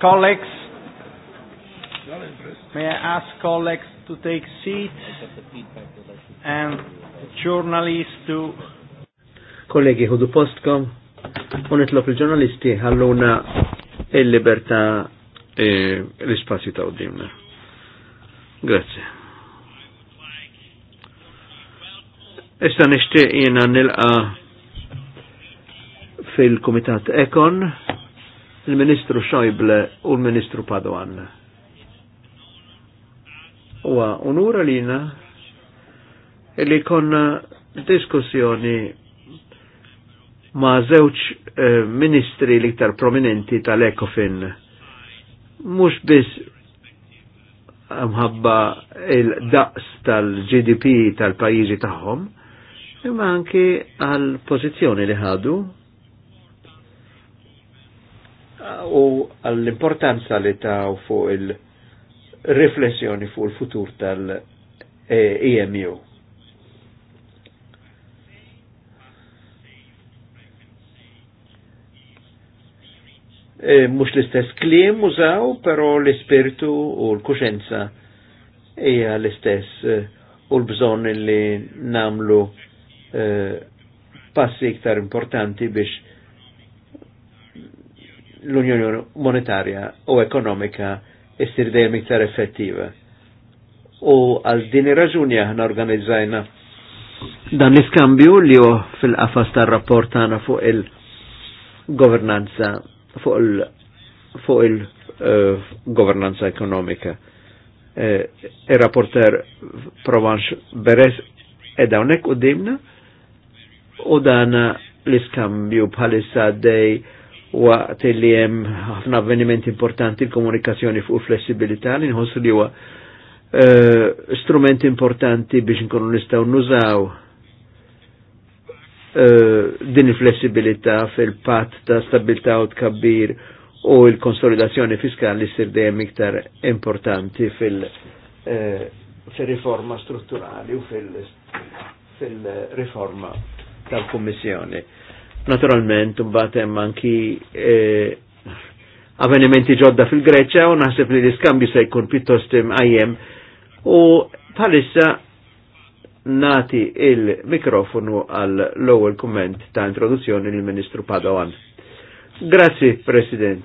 Colleagues, may I ask colleagues to take seats and journalists to kollegi ħudu postkom u il-ġurnalisti ħalluna il-libertà e l-ispazju ta' Grazie. Issa nishtiq jina nilqa fil-Komitat Ekon il-Ministru Xajble u l-Ministru Padoan. Wa unura lina li konna diskussjoni ma' zewċ eh, ministri li ktar prominenti tal-Ekofin. Mux biss mħabba il-daqs tal-GDP tal-pajizi tagħhom, imma anki għal pożizzjoni li ħadu u għall-importanza li taw fuq il-riflessjoni fuq il-futur tal-EMU. -E E, mux l-istess klim użaw, pero l-ispirtu u l-kuxenza hija l-istess e, u l-bżon li namlu E, passi iktar importanti biex l-Unjoni Monetarja u Ekonomika issir dejjem iktar effettiva. U għal din ir-raġuni aħna organizzajna dan l-iskambju li hu fil-qafas tar-rapport tagħna fuq il-governanza fuq il fuq il-governanza e, uh, ekonomika. Uh, Il-rapporter Provanx Beres edha unek u dimna u dana l-iskambju bħalissa dej waqt li jem ħafna avvenimenti importanti l-komunikazzjoni fuq flessibilità li nħossu li huwa eh, strument importanti biex nkunu nistgħu nużaw eh, din il-flessibilità fil-patt ta' stabilità u tkabbir u l-konsolidazzjoni fiskali sir dejjem iktar importanti fil- eh, riforma tal kommissjoni Naturalment, mbagħad hemm anki eh, avvenimenti ġodda fil greċa u naħseb li l-iskambju se jkun pjuttost imqajjem u Palissa nati il-mikrofonu għal l-ewwel ta' introduzzjoni lill ministru Padawan. Grazzi, President.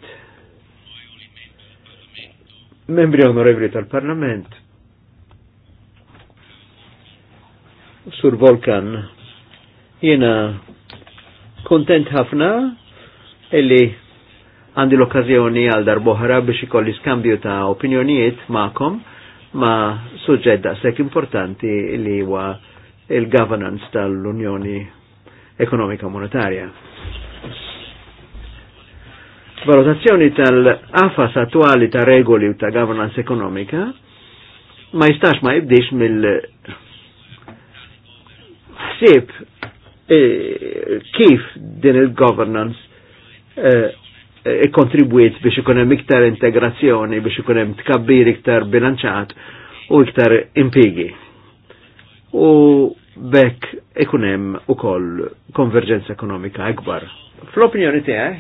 Membri onorevoli tal-Parlament, Sur Volkan, Jena kontent ħafna illi għandi l-okkazjoni għal darboħra biex ikolli skambju ta' opinjonijiet ma'kom ma' suġġett daqshekk importanti li huwa il-governance tal-Unjoni Ekonomika Monetarja. Valutazzjoni tal-afas attuali ta' regoli u ta' governance ekonomika ma jistax ma jibdix mill sib E, kif din il-governance e, e kontribuiet biex ikun hemm iktar integrazzjoni, biex ikun hemm tkabbir iktar bilanċat u iktar impigi. U bekk ikun hemm ukoll konverġenza ekonomika ekbar. Fl-opinjoni tiegħi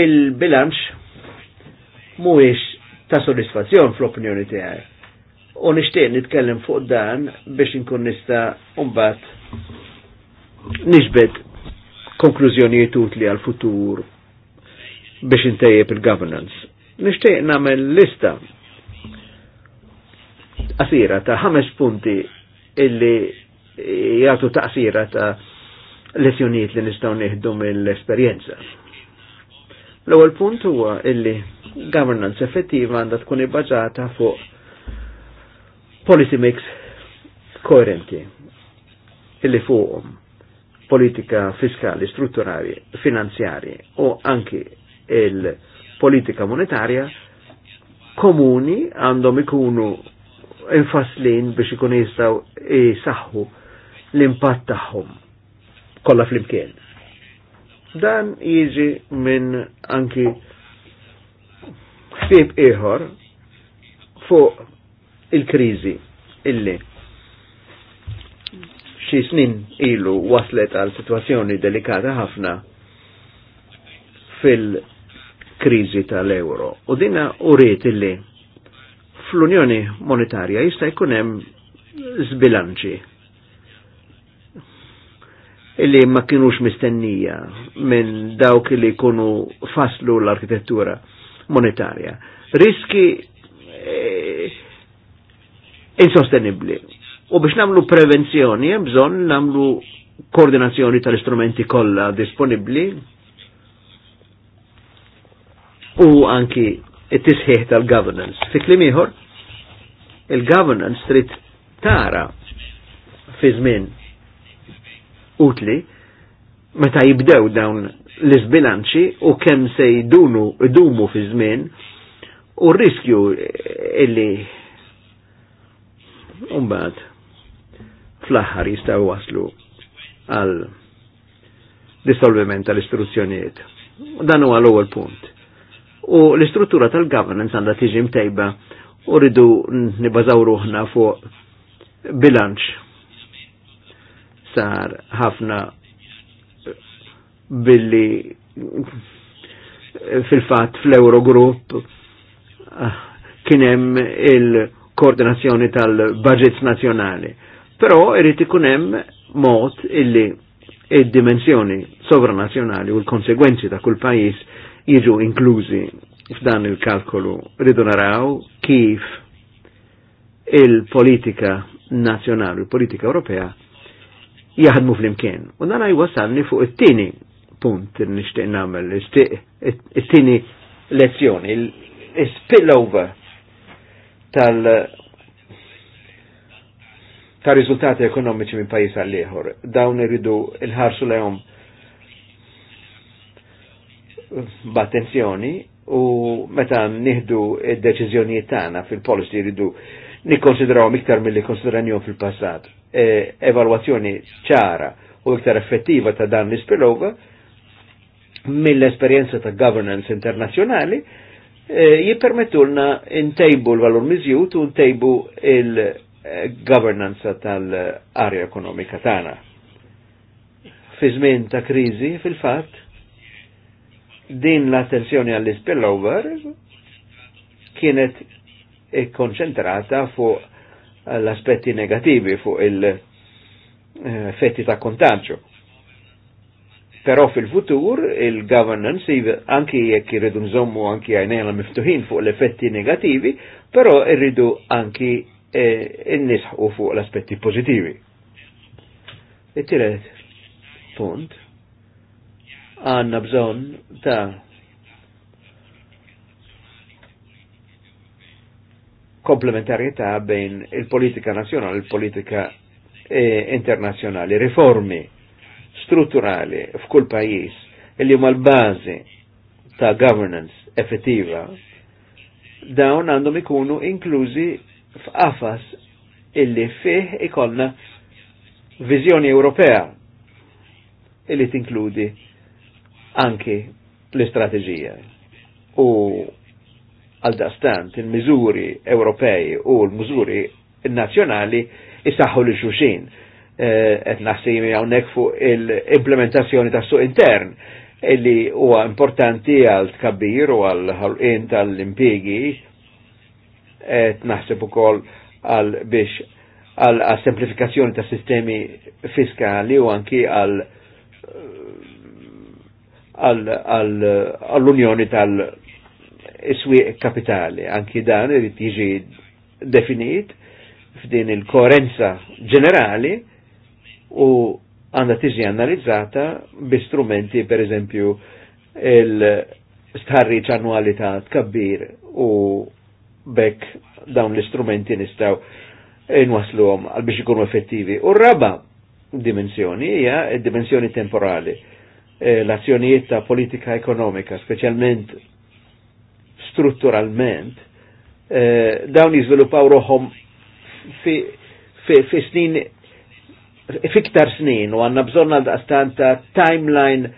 il-bilanċ mhuwiex ta' soddisfazzjon fl-opinjoni tiegħi U nishtiq nitkellem fuq dan biex inkun nista mbagħad nixbet konklużjonijiet utli għal futur biex intejjeb il-governance. Nishtiq nagħmel lista qasira ta' ħames punti illi jagħtu qasira ta' lezzjonijiet li nistgħu nieħdu mill-esperjenza. L-ewwel punt huwa illi governance effettiva għandha tkun ibbaġata fuq policy mix koherenti illi fuqhom politika fiskali, strutturali, finanzjari u anki il-politika monetarja komuni għandhom ikunu infaslin biex ikun jistaw jisaxħu l-impatt tagħhom kollha flimkien. Dan jiġi minn anki ħsieb ieħor fuq il-kriżi illi xi snin ilu waslet għal situazzjoni delikata ħafna fil-kriżi tal-euro. U dinna uriet illi fl-Unjoni Monetarja jista' jkun hemm zbilanċi illi ma kienux mistennija minn dawk li jkunu faslu l-arkitettura monetarja. Riski insostenibbli. U biex namlu prevenzjoni, bżon namlu koordinazzjoni tal-istrumenti kollha disponibbli u anki it-tisħiħ tal-governance. Fi klimiħor, ieħor, il-governance trid tara fi żmien utli meta jibdew dawn l-izbilanċi u kemm se jdunu idumu fi żmien u r-riskju illi Umbad, fl-aħħar jistaw waslu għal dissolviment tal-istruzzjonijiet. Dan huwa l-ewwel punt. U l-istruttura tal-governance għandha tiġi mtejba u rridu nibbażaw ruħna fuq bilanċ sar ħafna billi fil-fat fl-Eurogroup ah, kienem il- koordinazzjoni tal-budgets nazjonali. Però irrit ikun hemm mod illi id-dimensjoni sovranazjonali u l-konsegwenzi ta' kull pajjiż jiġu inklużi f'dan il-kalkolu. Ridu naraw kif il-politika nazjonali, il-politika Ewropea jaħdmu fl-imkien. U dan wasalni fuq it-tini punt nishtiq namel, it-tini lezzjoni, il-spillover tal ta' riżultati ekonomiċi minn pajis għall ieħor Dawn iridu il-ħarsu lehom b'attenzjoni u meta nieħdu id-deċiżjonijiet tagħna fil-policy iridu nikkonsidraw iktar milli konsidranjhom fil-passat. E, evalwazzjoni ċara u iktar effettiva ta' dan l-spillover mill-esperjenza ta' governance internazzjonali Eh, jippermettulna ntejbu l-valur mizjut u ntejbu il-governanza tal area ekonomika tagħna. Fi żmien ta' kriżi, fil-fatt, din l-attenzjoni għall spillover kienet ikkonċentrata fuq l-aspetti negativi fuq il-fetti ta' kontagġu. Pero fil-futur il-governance, anki jekk irridu nżommu anki għajnejna miftuħin fuq l-effetti negativi, però irridu anki e, n nisħu fuq l-aspetti pozitivi. it tiret punt għanna bżon ta' komplementarieta bejn il-politika nazjonali, il-politika e, internazjonali, riformi strutturali f'kull pajis li huma l-bażi ta' governance effettiva dawn għandhom ikunu inklużi f'qafas illi fih ikollna viżjoni Ewropea illi tinkludi anki l-istrateġija. U għal dastant il-miżuri Ewropej u l-miżuri nazzjonali isaħħu li xuxin qed eh, nasimi hawnhekk fuq il-implementazzjoni tas-suq intern illi huwa importanti għal tkabbir u għal ħolqien tal-impjegi qed naħseb ukoll għal biex għal semplifikazzjoni ta' sistemi fiskali u anki għal għall-unjoni tal-iswieq kapitali. Anki dan irid jiġi definit f'din il-koerenza ġenerali u għanda tiġi analizzata bi strumenti per eżempju il-starriċ annuali ta' tkabbir u bekk dawn l-istrumenti nistaw għom għal biex ikunu effettivi. U raba dimensjoni hija dimensjoni temporali. E, l-azzjonijiet ta' politika ekonomika, specialment strutturalment, e, dawn jiżviluppaw roħom fi, fi, fi snin fiktar snin u għanna bżonna għastan ta' timeline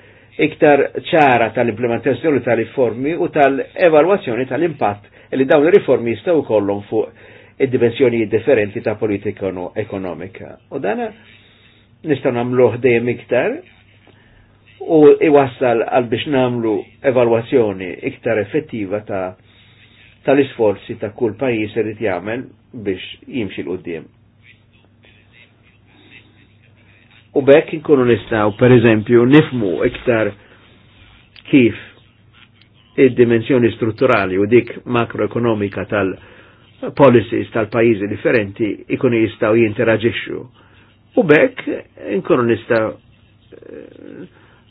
iktar ċara tal-implementazzjoni tal-riformi u tal-evalwazzjoni tal-impatt li dawn il-riformi jistaw kollum fuq id-dimensjoni differenti ta' politika u ekonomika. U dana nistaw namlu ħdejem iktar u iwassal għal biex namlu evalwazzjoni iktar effettiva ta' tal-isforzi ta' kull pajis li jagħmel biex jimxi l-qudiem. U bekk inkunu nistaw, per eżempju, nifmu iktar kif id-dimensjoni strutturali u dik makroekonomika tal-policies tal-pajizi differenti ikunu jistaw jinteraġixxu. U bekk inkunu nistaw eh,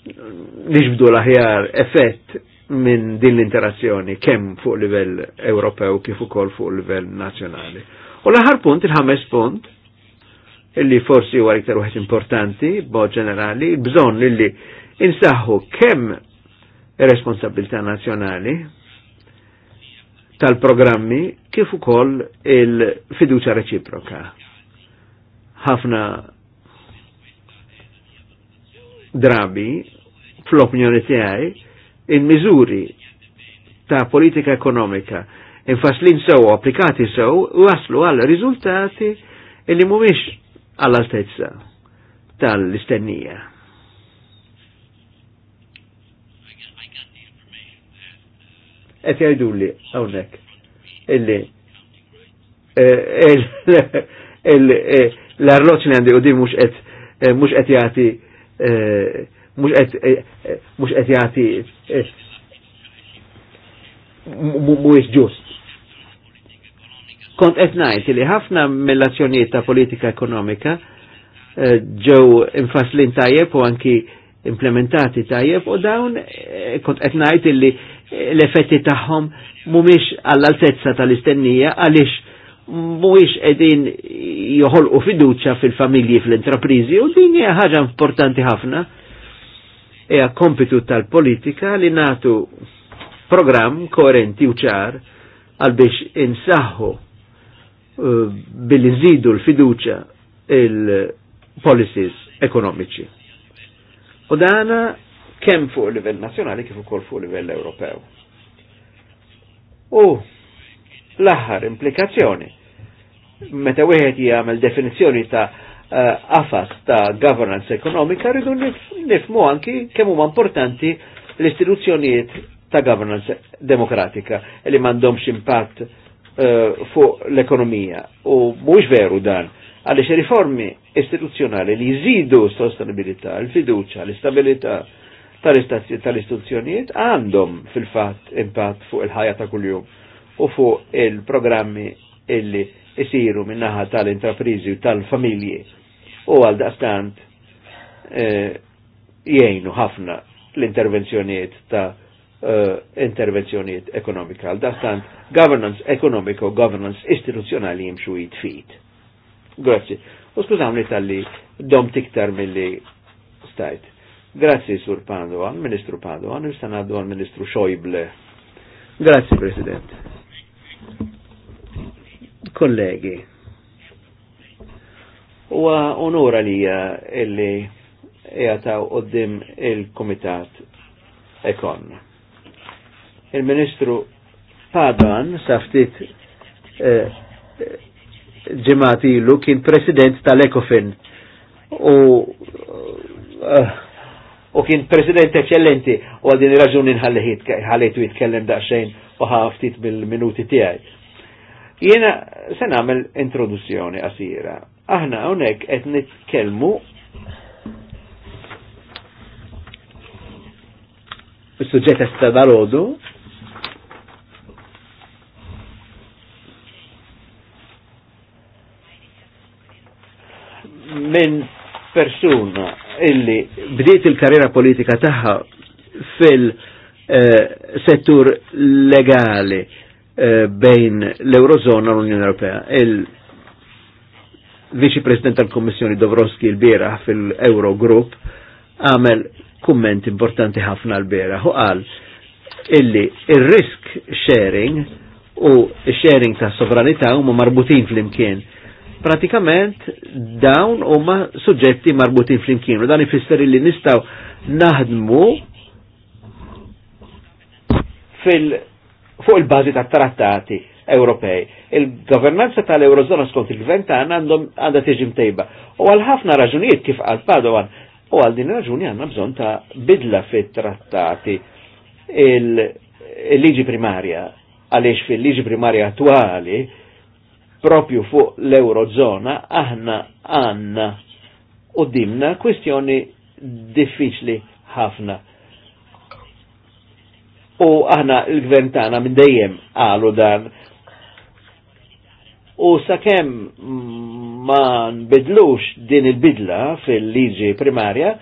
nixbdu l-aħjar effett minn din l-interazzjoni kemm fuq livell Ewropew kif ukoll fuq livell nazzjonali. U l-aħħar punt, il-ħames punt, illi forsi huwa iktar waħed importanti b'mod ġenerali, bżonn illi insaħħu kemm responsabilità nazzjonali tal-programmi kif ukoll il-fiduċa reċiproka. Ħafna drabi fl-opinjoni tiegħi il-miżuri ta' politika ekonomika infaslin sew applikati sew waslu għal riżultati illi mhumiex għall-altezza tal-istennija. Et jajdu li, għawnek, illi l-arloċ li għandi u di mux et mux et jati mux et mux et jati mux ġust Kont qed ngħid li ħafna mill-azzjonijiet ta' politika ekonomika eh, ġew infaslin tajjeb u anki implementati tajjeb u dawn eh, kont qed ngħid li eh, l-effetti tagħhom mhumiex għall-altezza tal-istennija għaliex mhuwiex qegħdin joħolqu fiduċja fil-familji fl-intrapriżi u din hija ħaġa importanti ħafna hija kompitu tal-politika li nagħtu program koerenti u ċar għal biex insaħħu Eh, billi nżidu l-fiduċa il-policies ekonomiċi. U dana kemm fuq livell nazzjonali kif ukoll fuq livell Ewropew. U l-aħħar implikazzjoni meta wieħed jagħmel definizzjoni ta' eh, qafas ta' governance ekonomika rridu nifmu anki kemm huma importanti l-istituzzjonijiet ta' governance demokratika li m'għandhomx impatt Eh, fuq l-ekonomija. U mhux veru dan, għaliex riformi istituzzjonali li jżidu sostenibilità, l-fiduċa, l-istabilità tal-istituzzjonijiet għandhom fil-fatt impatt fuq il-ħajja ta' kuljum u fuq il-programmi illi jisiru minnaħa tal-intraprizi u tal-familji u għal daqstant eh, jgħinu ħafna l-intervenzjoniet ta' Eh, intervenzjoniet ekonomika. Għal daħtant governance ekonomiko, governance istituzjonali jimxu jitfit. Grazzi. U skużawni tal-li dom tiktar mill-li stajt. Grazzi, Sur Padoan, Ministru Padoan, nistan għaddu għal Ministru Xojble. Grazzi, President. Kollegi, u onora li illi jgħataw għoddim il-Komitat Ekon il-Ministru Padan, saftit eh, ġemati ilu, kien president tal-Ekofin u eh, u kien president eccellenti u għal din raġuni nħallitu jitkellem daċxajn u ħaftit bil-minuti tiegħi. Jiena se nagħmel introduzzjoni għasira. Aħna hawnhekk qed nitkellmu il-sujġet ta' dalodu minn persuna illi bdiet il-karriera politika tagħha fil-settur eh, legali eh, bejn l-Eurozona u l-Unjoni Ewropea. il vici President tal-Kommissjoni Dovroski l-bira fil-Eurogroup għamel kumment importanti ħafna l-bira u għal illi il-risk sharing u sharing ta' sovranità huma marbutin fl-imkien pratikament dawn huma suġġetti marbutin flimkien u dan ifisser li nistaw naħdmu fil fuq il-bażi tat-trattati Ewropej. Il-governanza tal-Eurozona skont il-gvern għandhom għandha tiġi mtejba. U għal ħafna raġunijiet kif għal Padovan, u għal din raġuni għandna bżonn ta' bidla fit-trattati il-liġi primarja għaliex fil-liġi primarja attuali propju fuq l-Eurozona aħna għanna u dimna kwestjoni diffiċli ħafna. U aħna il-gvern tagħna minn dejjem għalu dan. U sakemm ma nbidlux din il-bidla fil-liġi primarja,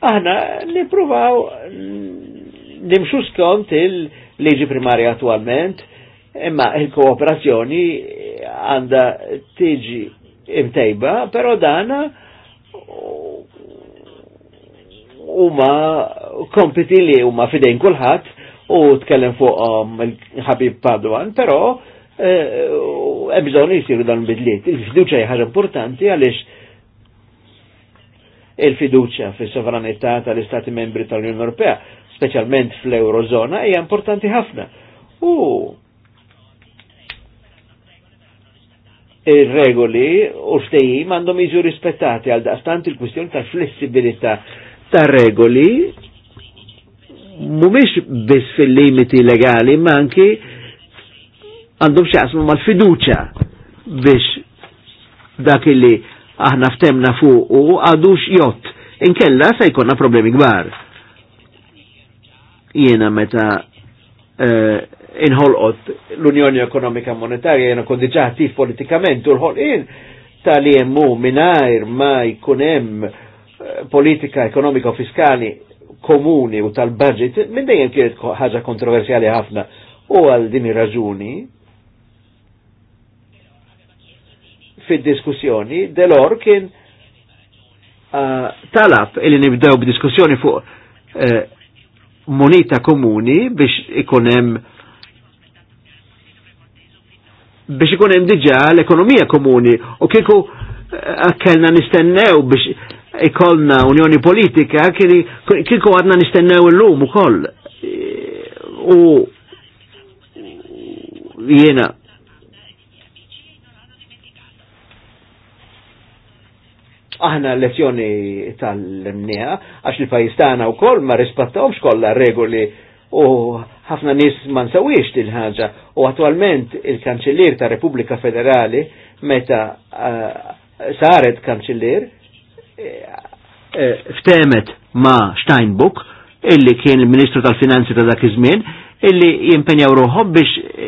aħna nippruvaw nimxu skont il-liġi primarja attualment, imma il-kooperazzjoni għanda tiġi imtejba, pero dana huma kompiti li huma fidejn kulħadd u tkellem fuqhom il-ħabib Padwan, però eh, hemm bżonn jisiru dan bidliet. Il-fiduċja hija importanti għaliex il-fiduċja fis sovranità tal-Istati membri tal-Unjoni Ewropea, speċjalment fl-Eurozona, hija importanti ħafna. U il-regoli u ftejim għandhom jiġu rispettati għal daqstant il-kwistjoni ta' flessibilità ta' regoli mumiex biss fil-limiti legali ma anki għandhom xaqsmu mal-fiduċa biex dak li aħna ftemna fuq u għadux jott inkella se jkonna problemi gbar. Jiena meta eh, inħolqot l-Unjoni Ekonomika Monetarja jena kon politikament u l-ħolqin tal jemmu minajr ma jkunem eh, politika ekonomika u fiskali komuni u tal-budget minn dejjem kienet ħaġa kontroversjali ħafna u għal din raġuni fid-diskussjoni Delor kien uh, talab illi nibdew b'diskussjoni fuq uh, moneta komuni biex ikunem hemm biex ikun hemm diġà l-ekonomija komuni u kieku eh, kellna nistennew biex ikollna unjoni politika kieku għadna nistennew illum ukoll. Eh, u jiena aħna lezzjoni tal-mnija, għax il pajistana u wkoll ma rispattawx kollha regoli u ħafna nis ma nsawiex til ħaġa u attualment il-kanċellier ta' Repubblika Federali meta uh, saret kanċellier eh, eh, ftemet ma' Steinbuck illi kien il-Ministru tal-Finanzi ta' dak iż-żmien illi jimpenjaw ruħob biex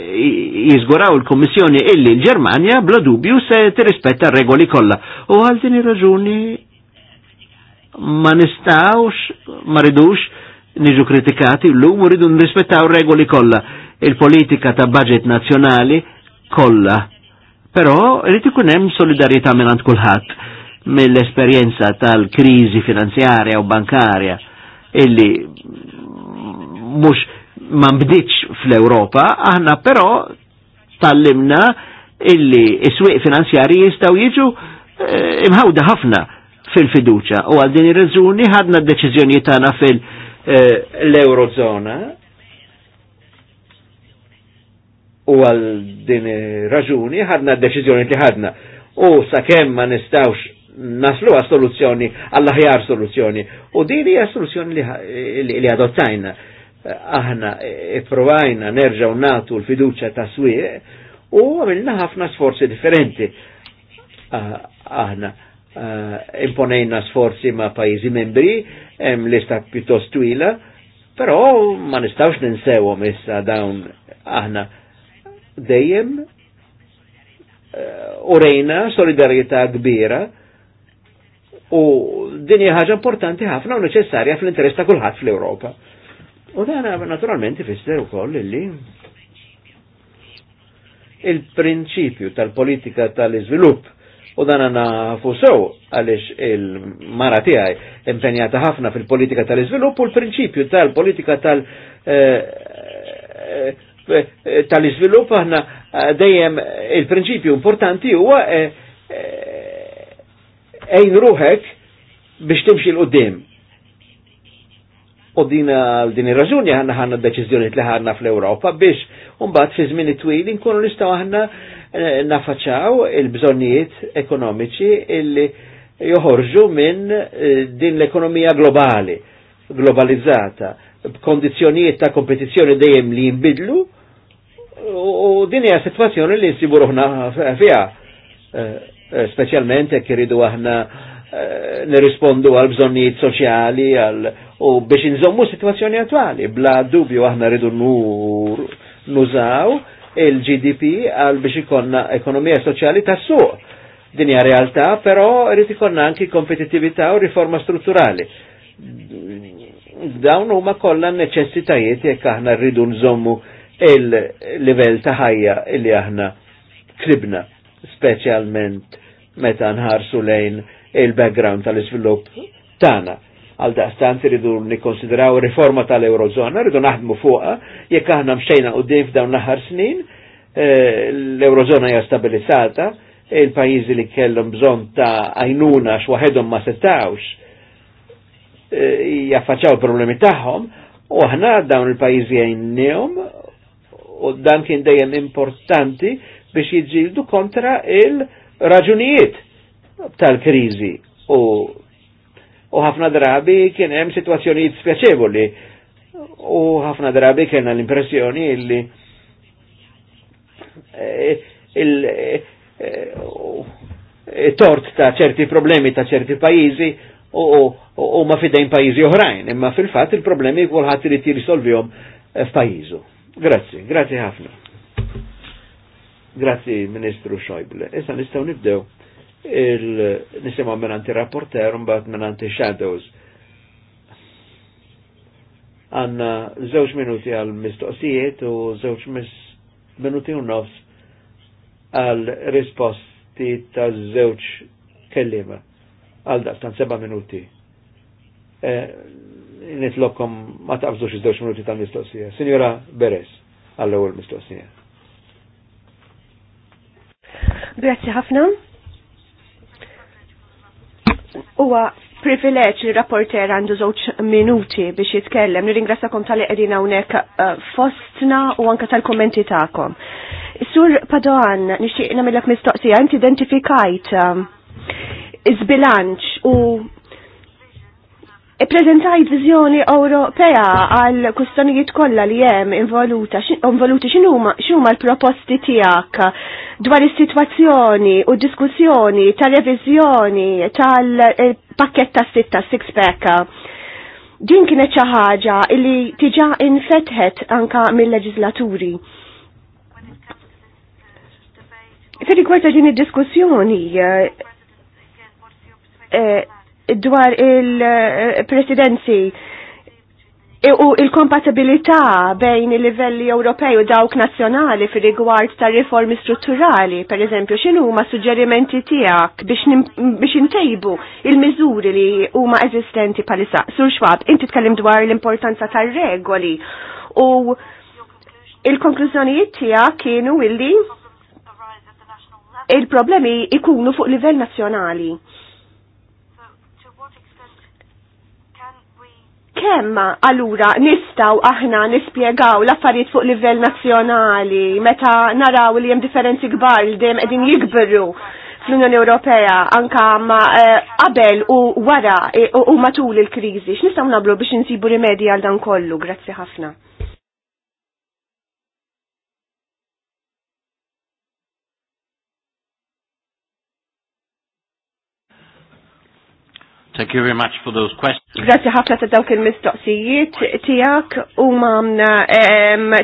jizguraw il-Kommissjoni illi l-Ġermanja bla dubju se tirrispetta regoli kollha. U għal din ir-raġuni ma nistawx, ma ridux niġu kritikati, l-lum rridu nrispettaw regoli kollha il-politika ta' budget nazjonali kollha. Però rrid ikun hemm solidarjetà mingħand kulħadd mill-esperjenza tal-kriżi finanzjarja u bankarja illi mhux ma nbditx fl-Ewropa, aħna però tallimna illi is-swieq finanzjarji jistgħu jiġu eh, imħawda ħafna fil-fiduċa u għal din ir-raġuni ħadna d-deċiżjoni tagħna fil-, -fiduċa, Eh, l-Eurozona u għal din raġuni ħadna d-deċizjoni li ħadna u sakemm ma nistawx naslu għas soluzzjoni, għall-ħjar soluzzjoni. U din hija soluzzjoni li adottajna. Aħna provajna nerġaw natu l-fiduċa ta' swi u għamilna ħafna sforzi differenti. Aħna eh, imponejna sforzi ma' pajizi membri, hemm lista pjuttost twila, però ma nistgħux ninsewhom issa dawn aħna dejjem eh, u rejna solidarjetà kbira u din hija ħaġa importanti ħafna u neċessarja fl-interess ta' kulħadd fl-Ewropa. U dan eh, naturalment ifisser ukoll li il-prinċipju tal-politika tal-iżvilupp u dan għana fusow għalix il-mara tijaj impenjata ħafna fil-politika tal-izvilupp u l-prinċipju tal-politika tal- eh, eh, tal-izvilupp aħna eh, dejjem il-prinċipju importanti huwa ejn ruħek biex timxi l-qoddim. U din din ir-raġuni aħna ħanna d deċizjoni li ħanna fl-Ewropa biex mbagħad fi żmien twil nkunu nistgħu aħna Eh, nafaċaw il-bżonnijiet ekonomiċi illi joħorġu minn eh, din l-ekonomija globali, globalizzata, Kondizjonijiet ta' kompetizzjoni dejjem li jinbidlu u din hija situazzjoni li nsibu ruħna fiha, eh, Specialment jekk iridu aħna nirrispondu għal bżonnijiet soċjali u biex nżommu situazzjoni attwali, bla dubju aħna rridu nużaw il-GDP għal biex ikonna ekonomija soċjali tas-suq. Din hija realtà, però rrid ikonna anki kompetittività u riforma strutturali. Dawn huma kollha neċessitajiet jekk aħna rridu nżommu il-livell ta' ħajja li aħna kribna, speċjalment meta nħarsu lejn il-background tal-iżvilupp tagħna għal daqstanz rridu nikkonsidraw riforma tal-Eurozona, rridu naħdmu fuqa, jekk aħna mxejna u din dawn l-aħħar snin, eh, l-Eurozona hija stabilizzata, il-pajjiżi li kellhom bżonn ta' għajnuna x'waħedhom ma setawx eh, jaffaċċaw il-problemi tagħhom, u aħna dawn il-pajjiżi għajnnihom u dan kien dejjem importanti biex jiġġieldu kontra il-raġunijiet tal-kriżi u u ħafna drabi kien hemm situazzjonijiet spjaċevoli u ħafna drabi kena l-impressjoni illi eh, il-tort eh, eh, ta' ċerti problemi ta' ċerti pajizi u ma fidejn pajizi oħrajn, imma fil-fat il-problemi kullħat li jirrisolvihom f'pajizu. Grazzi, grazzi ħafna. Grazzi, Ministru Xojble. Issa nistaw nibdew il-nisimaw menanti rapporter un bat menanti shadows. Għanna zewċ minuti għal mistoqsijiet u zewċ minuti u nofs għal risposti ta' zewċ kellima. Għal stan seba minuti. E, Nitlokkom ma ta' iż-żewġ minuti tal-mistoqsija. Signora Beres, għall l mistoqsija. Grazie ħafna huwa privileġġ li rapporter għandu żewġ minuti biex jitkellem. Nirringrazzakom tal-li qegħdin hawnhekk uh, fostna u anke tal-kummenti tagħkom. Sur Padoan, nixtieq nagħmilek mistoqsija, inti identifikajt um, iż-bilanċ u Ippreżentajt viżjoni Ewropea għal kustonijiet kollha li hemm involuta involuti x'inhuma l-proposti tiegħek dwar is-sitwazzjoni u diskussjoni ta' revizjoni tal pakketta sitta six pack. Din kienet xi ħaġa li tiġa infetħet anka mill-leġislaturi. fir kwarta din id-diskussjoni, eh, dwar il-presidenzi e- u il-kompatibilità bejn il-livelli Ewropej u dawk nazzjonali fir rigward ta' riformi strutturali, per eżempju, xinu ma' suġġerimenti tiegħek biex intejbu il-miżuri li huma eżistenti palissa. Sur xwab, inti tkellim dwar l-importanza tar-regoli u il-konklużjonijiet tiegħek kienu illi il-problemi ikunu fuq livell nazzjonali. kemm allura nistaw aħna nispjegaw l-affarijiet fuq livell nazzjonali meta naraw li hemm differenzi kbar li dejjem qegħdin jikbru fl-Unjoni Ewropea anka ma eh, qabel u wara eh, u matul il-kriżi x'nistgħu nagħmlu biex insibu rimedji għal dan kollu. Grazzi ħafna. Thank you very much for those questions. Grazie ħafna ta' dawk il-mistoqsijiet tiegħek m'am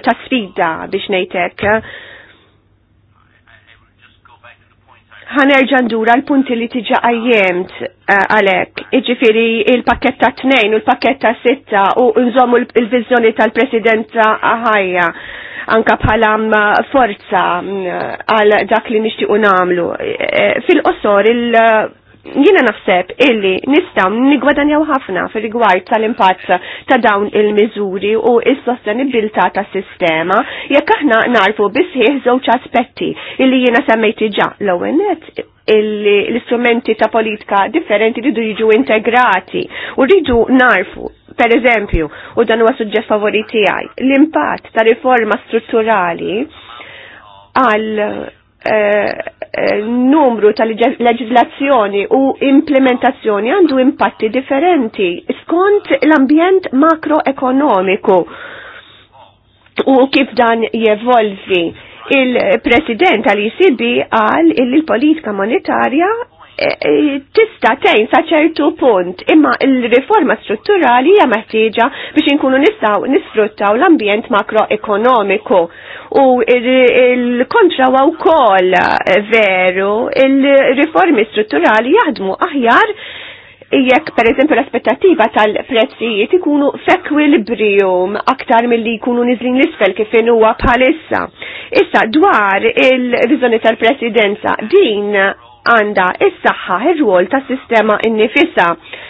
ta' sfida biex ngħidlek. ħanerġa ndura l-punti li tiġa għajjemt eh, għalek. Iġifiri il-pakket ta' tnejn u l-pakket ta' sitta u nżommu l-vizjoni tal-presidenta ħajja anka bħala mm, forza mm, għal dak li nixtiequ namlu. Eh, fil-qosor il- Jina naħseb illi nistaw nigwadanjaw ħafna fil gwajt tal-impatt ta' dawn il-miżuri u il sostenibilità ta' sistema jekk aħna narfu bisħiħ żewġ aspetti illi jiena semmejti ġa l-ewwel net l-istrumenti ta' politika differenti li jiġu integrati u rridu narfu per eżempju, u dan huwa suġġett favoriti għaj, l-impatt ta' riforma strutturali għal eh, Eh, numru ta' leġizlazzjoni u implementazzjoni għandu impatti differenti skont l-ambjent makroekonomiku u kif dan jevolvi. Il-president tal-ECB għal il-politika monetarja eh, eh, tista tejn sa ċertu punt imma il-riforma strutturali hija meħtieġa biex inkunu nistgħu nisfruttaw l-ambjent makroekonomiku u il-kontra il u kol eh, veru il-riformi strutturali jaħdmu aħjar jekk per eżempju l-aspettativa tal-prezzijiet ikunu f'ekwilibrium aktar mill-li jkunu niżlin l-isfel kif huwa bħalissa. Issa dwar il-viżjoni tal-presidenza din għanda is-saħħa ir-rwol tas-sistema innifisa. nifisa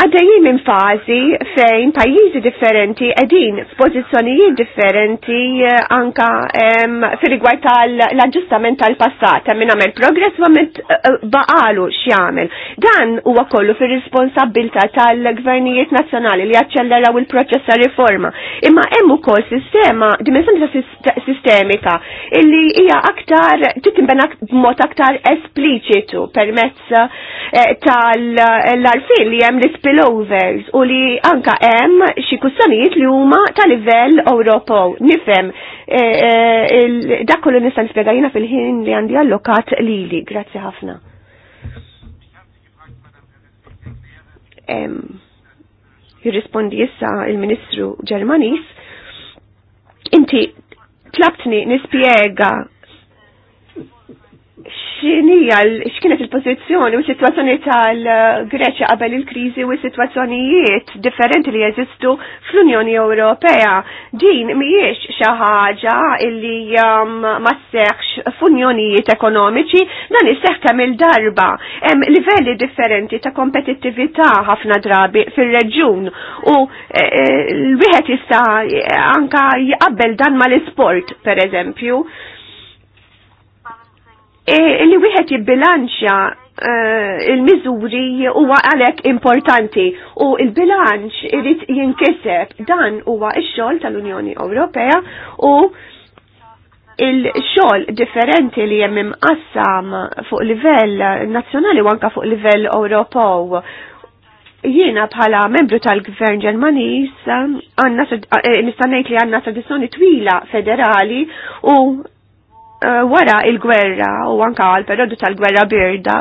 għaddejjin minn fazi fejn pajjiżi differenti edin f'pożizzjonijiet differenti eh, anka fil-rigward tal-aġġustament tal-passat, minn għamel progress u għamil eh, baqalu xjamil. Dan huwa kollu fir-responsabilità tal-gvernijiet nazzjonali li jaċċelleraw il-proċess ta' riforma. Imma hemm ukoll sistema, dimensjoni sistemika illi hija aktar titinbena b'mod aktar espliċitu permezz eh, tal-arfin li hemm l spillovers u li anka hemm xi kustanijiet li huma ta' livell Ewropew. Nifhem eh, eh, dak kollu nista' nispjegajna fil-ħin li għandi allokat lili. Grazzi ħafna. Jirrispondi issa il-Ministru Ġermanis. Inti tlabtni nispjega x'inija x'kienet il-pożizzjoni u s-sitwazzjoni tal-Greċja qabel il-kriżi u s-sitwazzjonijiet differenti li jeżistu fl-Unjoni Ewropea. Din mhijiex xi ħaġa illi um, ma seħħx f'unjonijiet ekonomiċi, dan isseħħ kemm il-darba. Hemm livelli differenti ta' kompetittività ħafna drabi fir-reġjun u eh, eh, l-wieħed jista' anka jqabbel dan mal-isport pereżempju. E, li wieħed jibbilanċja e, il-miżuri huwa għalhekk importanti u il-bilanċ irid jinkiseb dan huwa x-xogħol tal-Unjoni Ewropea u il-xogħol differenti li hemm imqassam fuq livell nazzjonali u anke fuq livell Ewropew jiena bħala membru tal-Gvern Ġermaniż e, nista' ngħid li għandna tradizzjoni twila federali u Eh, wara il-gwerra u anka għal periodu tal-gwerra birda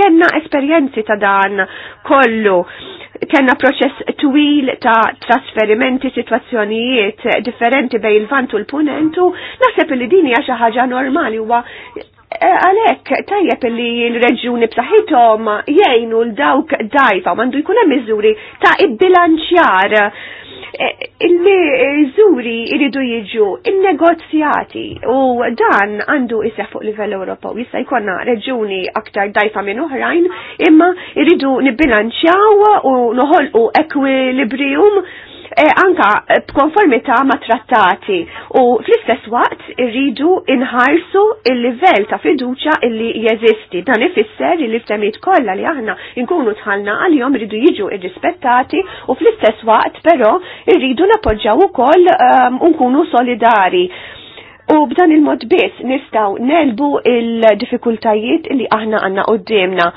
kena esperjenzi ta' dan kollu. Kenna proċess twil ta' trasferimenti, situazzjonijiet differenti bej il-vant u l-punentu, nasib li dini għaxa ħaġa normali huwa għalek tajjeb li l-reġjuni b'saħħithom jgħinu l-dawk dajfa mandu jkun hemm miżuri ta' ibbilanċjar e, il zuri iridu jiġu il-negozjati u dan għandu jisja fuq livell Ewropew jista' jkollna reġjuni aktar dajfa minn oħrajn imma iridu nibbilanċjaw u noħolqu ekwilibrium Eh, anka eh, b'konformità ma' trattati u fl-istess waqt irridu inħarsu il-livell ta' fiduċa illi jeżisti. Dan ifisser li ftemiet kollha li aħna nkunu tħallna għalihom irridu jiġu irrispettati u fl-istess waqt però irridu napoġġaw ukoll ehm, nkunu solidari. U b'dan il-mod biss nistgħu nelbu il-diffikultajiet li aħna għandna qudiemna.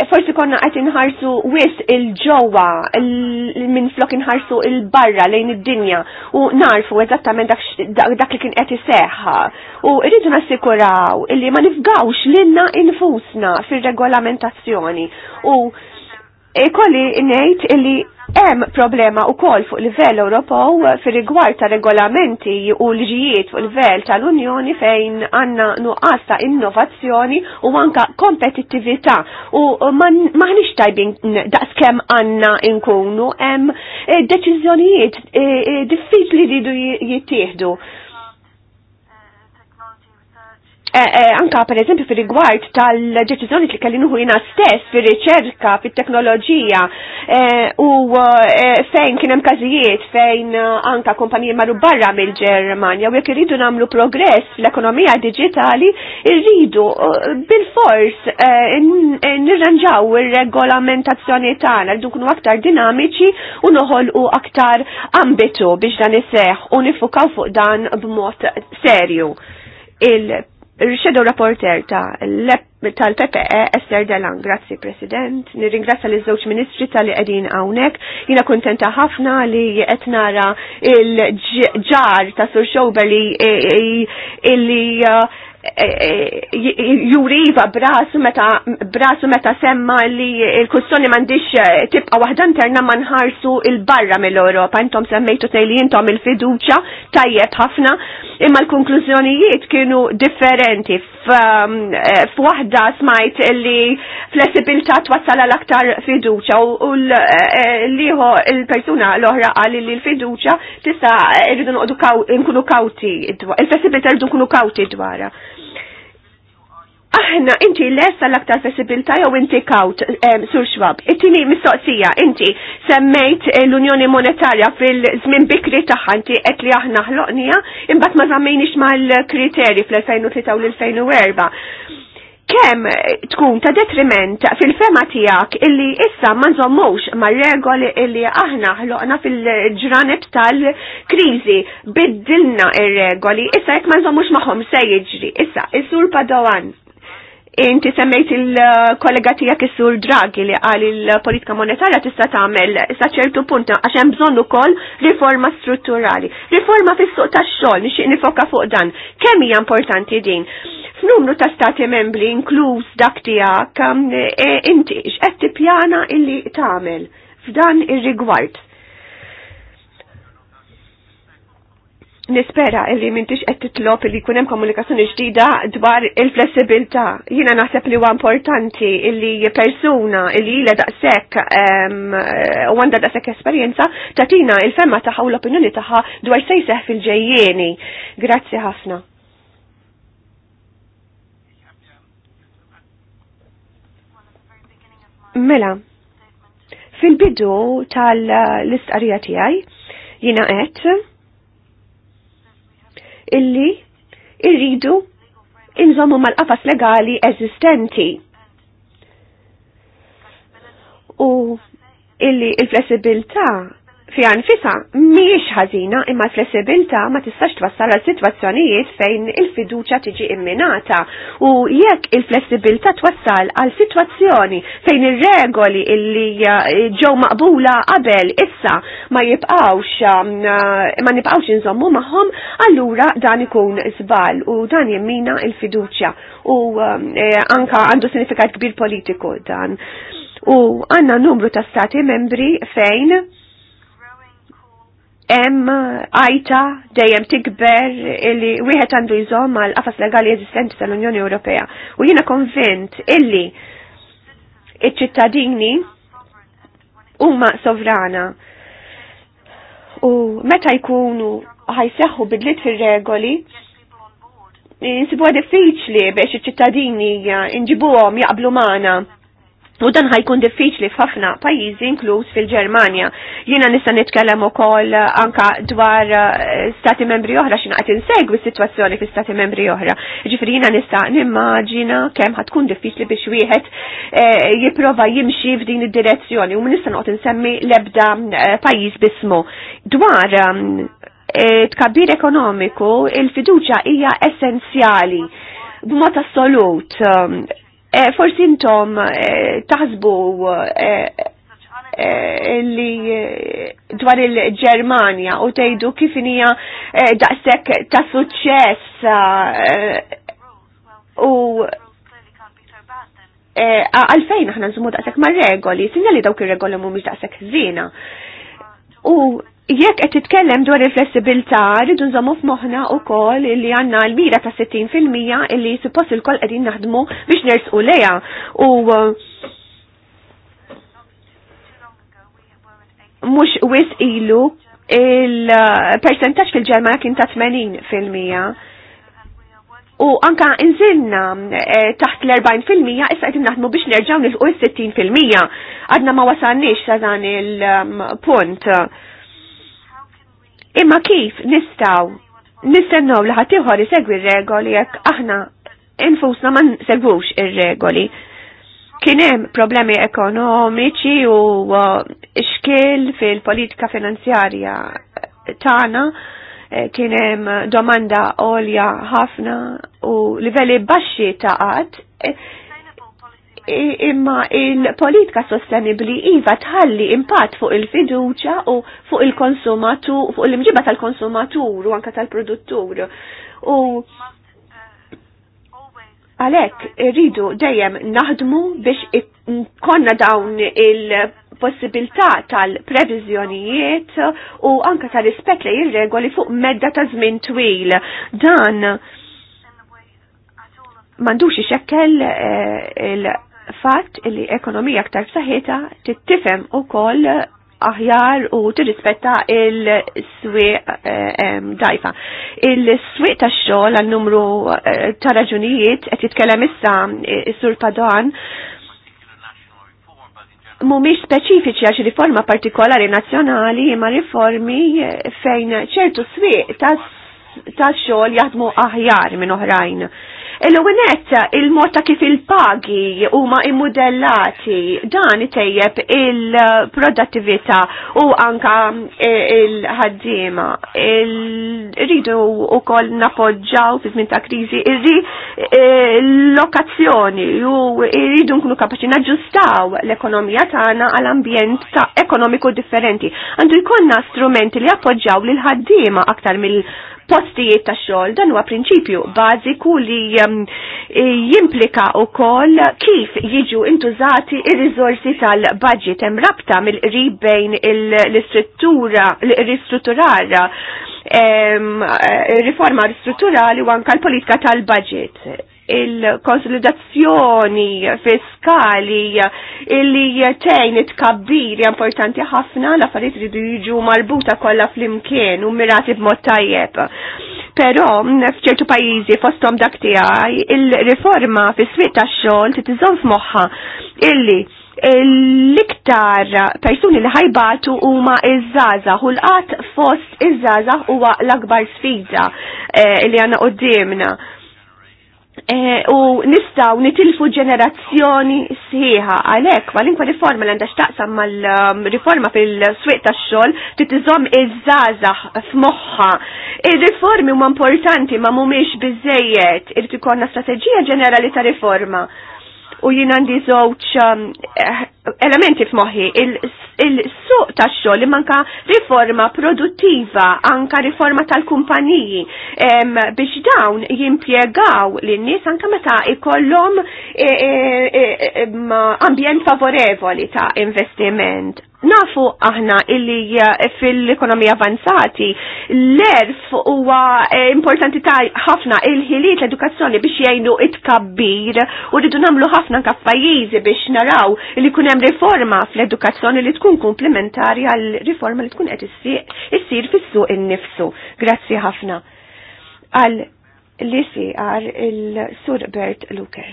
Eh, forsi konna għet inħarsu wis il-ġowa minn flok inħarsu il-barra lejn id-dinja u narfu eżattament dak li kien qed iseħħa u rridu nassikuraw illi ma nifgawx lilna infusna fir-regolamentazzjoni u e, kolli ngħid illi hemm problema wkoll fuq livell Ewropew fir-rigward ta' regolamenti u liġijiet fuq livell tal-Unjoni fejn għandna nuqqas ta' innovazzjoni u anka kompetittività u maħniex tajbin daqskemm għandna nkunu hemm eh, deċiżjonijiet eh, eh, diffiċli li jittieħdu Eh, eh, anka per eżempju fi rigward tal-deċizjoni li kellin jina stess fir riċerka fit teknoloġija eh, u fejn kien hemm każijiet fejn anka kumpaniji marru barra mill-Ġermanja u jekk irridu nagħmlu progress fl-ekonomija digitali irridu bil-fors nirranġaw ir-regolamentazzjoni tagħna rridu nkunu aktar dinamiċi u noħolqu aktar ambitu biex dan iseħħ u nifukaw fuq dan b'mod serju il Shadow Rapporter ta' e tal-PPE Esther Delan, grazzi President, nirringrazza li żewġ ministri tal-li qegħdin hawnhekk, jiena kuntenta ħafna li qed nara il-ġar ta' Sur Xober li illi uh, Eh, eh, juriva brasu meta brasu meta semma li il-kussjoni m'għandix eh, tibqa' wahda interna ma nħarsu il-barra mill europa Intom semmejtu tnej li intom il-fiduċja tajjeb ħafna, imma l-konklużjonijiet kienu differenti f' um, eh, f-wahda smajt li flessibilta twassal l-aktar fiduċa u eh, eh, liħo il-persuna l-oħra għalli li l-fiduċa tista' irridu nkunu kawti, il-flessibilità irridu nkunu kawti dwara. Aħna, inti lessa l-aktar flessibilta jew inti kaut, sur xwab. Ittini mistoqsija, inti semmejt eh, l-Unjoni Monetarja fil-żmien bikri tagħha inti qed li aħna ħloqnija, imbagħad ma żammejniex mal-kriterji fl-2003 u l-2004. Kem eh, tkun ta' detriment fil-fema tijak illi issa ma nżommux ma regoli illi aħna ħloqna fil-ġranet tal-krizi biddilna ir-regoli issa jek ma maħom se jiġri issa is-sur Padowan Inti semmejt il-kollega tijak is-sur Draghi li għal il-politika monetarja tista' tagħmel sa ċertu punt għax hemm bżonn ukoll riforma strutturali. Riforma fis-suq tax-xogħol nixtieq nifoka fuq dan. Kemm hija importanti din? F'numru ta' stati membri inkluż dak tiegħek e, inti x'qed tippjana illi tagħmel f'dan ir-rigward. nispera illi mintix qed titlob illi jkun hemm komunikazzjoni ġdida dwar il-flessibilità. Jiena naħseb li huwa importanti illi persuna illi ilha daqshekk ehm, u għandha daqshekk esperjenza tagħtina il-femma tagħha u l-opinjoni tagħha dwar se jseħħ fil-ġejjieni. Grazzi ħafna. Mela, fil-bidu tal-istqarrija tiegħi jiena qed illi irridu inżommu mal-qafas legali eżistenti. U illi il flessibilta fi għanfisa miex ħażina imma flessibilta ma tistax twassal għal situazzjonijiet fejn il-fiduċa tiġi imminata u jekk il-flessibilta twassal għal situazzjoni fejn ir-regoli illi eh, ġew maqbula qabel issa ma jibqawx mm, eh, ma nibqawx inżommu magħhom allura dan ikun zbal u dan jemmina il-fiduċja u eh, anka għandu sinifikat kbir politiku dan. U għanna numru ta' stati membri fejn hemm għajta dejjem tikber illi wieħed għandu jżomm għal qafas legali eżistenti tal-Unjoni Ewropea. U jiena konvint illi iċ-ċittadini huma sovrana. U meta jkunu ħajseħħu bidliet fir-regoli, insibuha diffiċli biex iċ-ċittadini inġibuhom jaqblu magħna U dan ħajkun diffiċli f'ħafna pajjiżi inkluż fil-Ġermanja. Jiena nista' nitkellem ukoll anka dwar eh, stati membri oħra x'inha qed insegwi s-sitwazzjoni fi stati membri oħra. Ġifieri jiena nista' nimmaġina kemm tkun diffiċli biex wieħed eh, jipprova jimxi f'din id-direzzjoni u nista' noqgħod insemmi l-ebda eh, pajjiż bismu. Dwar ehm, tkabbir ekonomiku, il-fiduċja hija essenzjali b'mod assolut ehm, Eh, forsi intom eh, taħsbu eh, li dwar il-Germania u tgħidu kif hija daqshekk ta' suċċess u għalfejn aħna nżumu daqshekk ma' regoli, li dawk ir-regoli mhumiex daqshekk żiena. U jekk qed titkellem dwar il-flessibilità, rridu nżommu f'moħħna wkoll li għandna l-mira ta' 60% illi suppost il kol qegħdin naħdmu biex nersqu lejha u uh, mhux wis ilu il-percentaġġ fil-Ġermana kien ta' 80%. U anka nżilna eh, taħt l-40% issa qed naħdmu biex nerġgħu nilqu s-60%. Għadna ma wasalniex sa dan il-punt. Um, Imma kif nistaw nistennaw li ħatiħor isegwi regoli jekk aħna infusna ma nsegwux ir-regoli. Kienem problemi ekonomiċi u uh, xkil fil-politika finanzjarja tana, eh, kienem domanda olja ħafna u livelli baxxi ta' eh, imma il-politika sostenibli iva tħalli impatt fuq il-fiduċa u fuq il-konsumatur, fuq l-imġiba tal-konsumatur u anka tal-produttur. U għalek rridu dejjem naħdmu biex konna dawn il-possibilità tal-previżjonijiet u anka tal-rispett li jirregoli fuq medda ta' żmien twil. Dan mandux ixekkel eh, fatt li ekonomija aktar b'saħħitha tittifhem ukoll aħjar u tirrispetta il-swieq eh, dajfa. Il-swieq ta' xogħol għal numru eh, ta' raġunijiet qed jitkellem issa s eh, sur Padan mumiex speċifiċi għax riforma partikolari nazzjonali imma riformi fejn ċertu swieq ta' xogħol jaħdmu aħjar minn oħrajn. Il-għunet, il-mod ta' kif il-pagi huma immodellati, dan tejjeb il produttivita u anka eh, il-ħaddiema. ridu u kol napoġġaw fi minta ta' kriżi, irri eh, l-lokazzjoni u ridu nkunu kapaċi naġġustaw l-ekonomija tagħna għall-ambjent ta' ekonomiku differenti. Għandu jkollna strumenti li appoġġaw lil ħaddiema aktar mill- postijiet ta' xogħol dan huwa prinċipju bażiku li um, jimplika wkoll kif jiġu intużati ir-riżorsi tal-budget hemm rabta mill-qrib bejn l-istruttura l-ristrutturar eh, riforma ristrutturali u anka l-politika tal-budget il-konsolidazzjoni fiskali illi tejn it-kabbir importanti ħafna la farit ridu jiġu marbuta kollha fl-imkien u mirati b'mod tajjeb. Però f'ċertu pajjiżi fosthom dak tiegħi il-riforma fis-swieq tax-xogħol f f'moħħa illi l-iktar persuni li ħajbatu huma iż-żaza u l-qatt fost iż-żaza huwa l-akbar sfida eh, li għandna qudiemna. Eh, u nistaw nitilfu ġenerazzjoni sħiħa għalek kwalinkwa riforma l-għanda xtaqsam mal-riforma um, fil-swiq ta' xol titizom iż-żazax f'moħħa. Il-riformi huma importanti ma mumiex bizzejiet irrid ikollna strateġija ġenerali ta' riforma u jien għandi żewġ um, eh, elementi f'moħħi il-suq tax-xogħol manka riforma produttiva, anka riforma tal-kumpaniji biex dawn jimpjegaw lin-nies anka meta ikollhom eh, eh, ambjent favorevoli ta' investiment. Nafu aħna illi fil-ekonomija avanzati l-erf huwa eh, importanti ta' ħafna il-ħiliet l-edukazzjoni biex jgħinu it-kabbir u rridu namlu ħafna ka' pajjiżi biex naraw li kunem hemm riforma fl-edukazzjoni li tkun komplementari għal riforma li tkun qed issir fis-suq innifsu. Grazzi ħafna. Għal li għar il-Sur Bert Luker.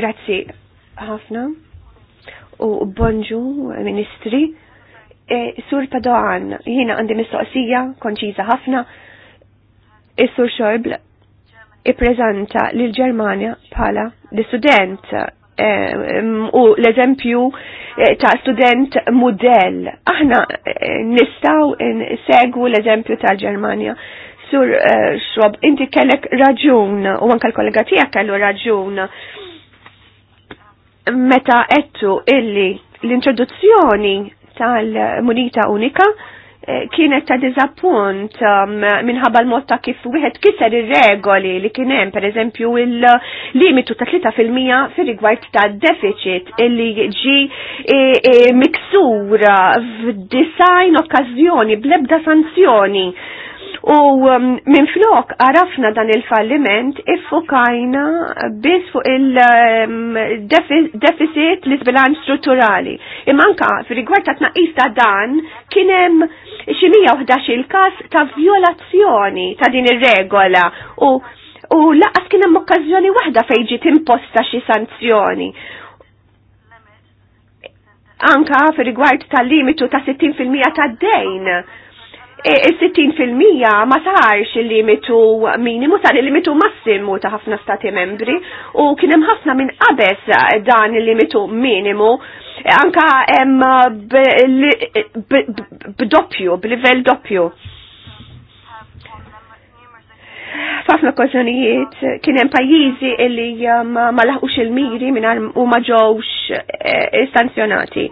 Grazzi ħafna u bonġu, ministri. E, sur Padoan, jiena għandi mistoqsija, konċiza ħafna. Is-sur e, Xorbl i-prezanta l ġermanja bħala di student e, u l-eżempju e, ta' student model. Aħna e, nistaw segwu l-eżempju tal-Ġermanja. Sur uh, Xob, inti kellek raġun, u anka l-kollega tijak kellu raġun meta għettu illi l-introduzzjoni tal-munita unika eh, kienet ta' dizappunt um, minħabba l-mod ta' kif wieħed kiser ir-regoli li kien hemm pereżempju il-limitu ta' 3% fir-rigward ta' deficit illi ġi e, e, miksura f'design okkażjoni bl-ebda sanzjoni U um, minflok għarafna dan il-falliment iffukajna biss fuq il-deficit um, li sbilanċ strutturali. Imanka fil-rigward ta' tnaqis ta' dan kienem ximija uħdax il-kas ta' violazzjoni ta' din ir-regola u u laqas kien hemm okkażjoni waħda fejn xi sanzjoni anka fil rigward tal-limitu ta' 60% ta' dejn E, e, il-60% ma sarx il-limitu minimu, sar il-limitu massimu ta' ħafna stati membri u kienem ħafna minn qabes dan il-limitu minimu e, anka b'doppju, b'livell doppju. Fafna okkazjonijiet kienem pajizi illi ma laħqux il-miri minn u maġawx ġewx istanzjonati.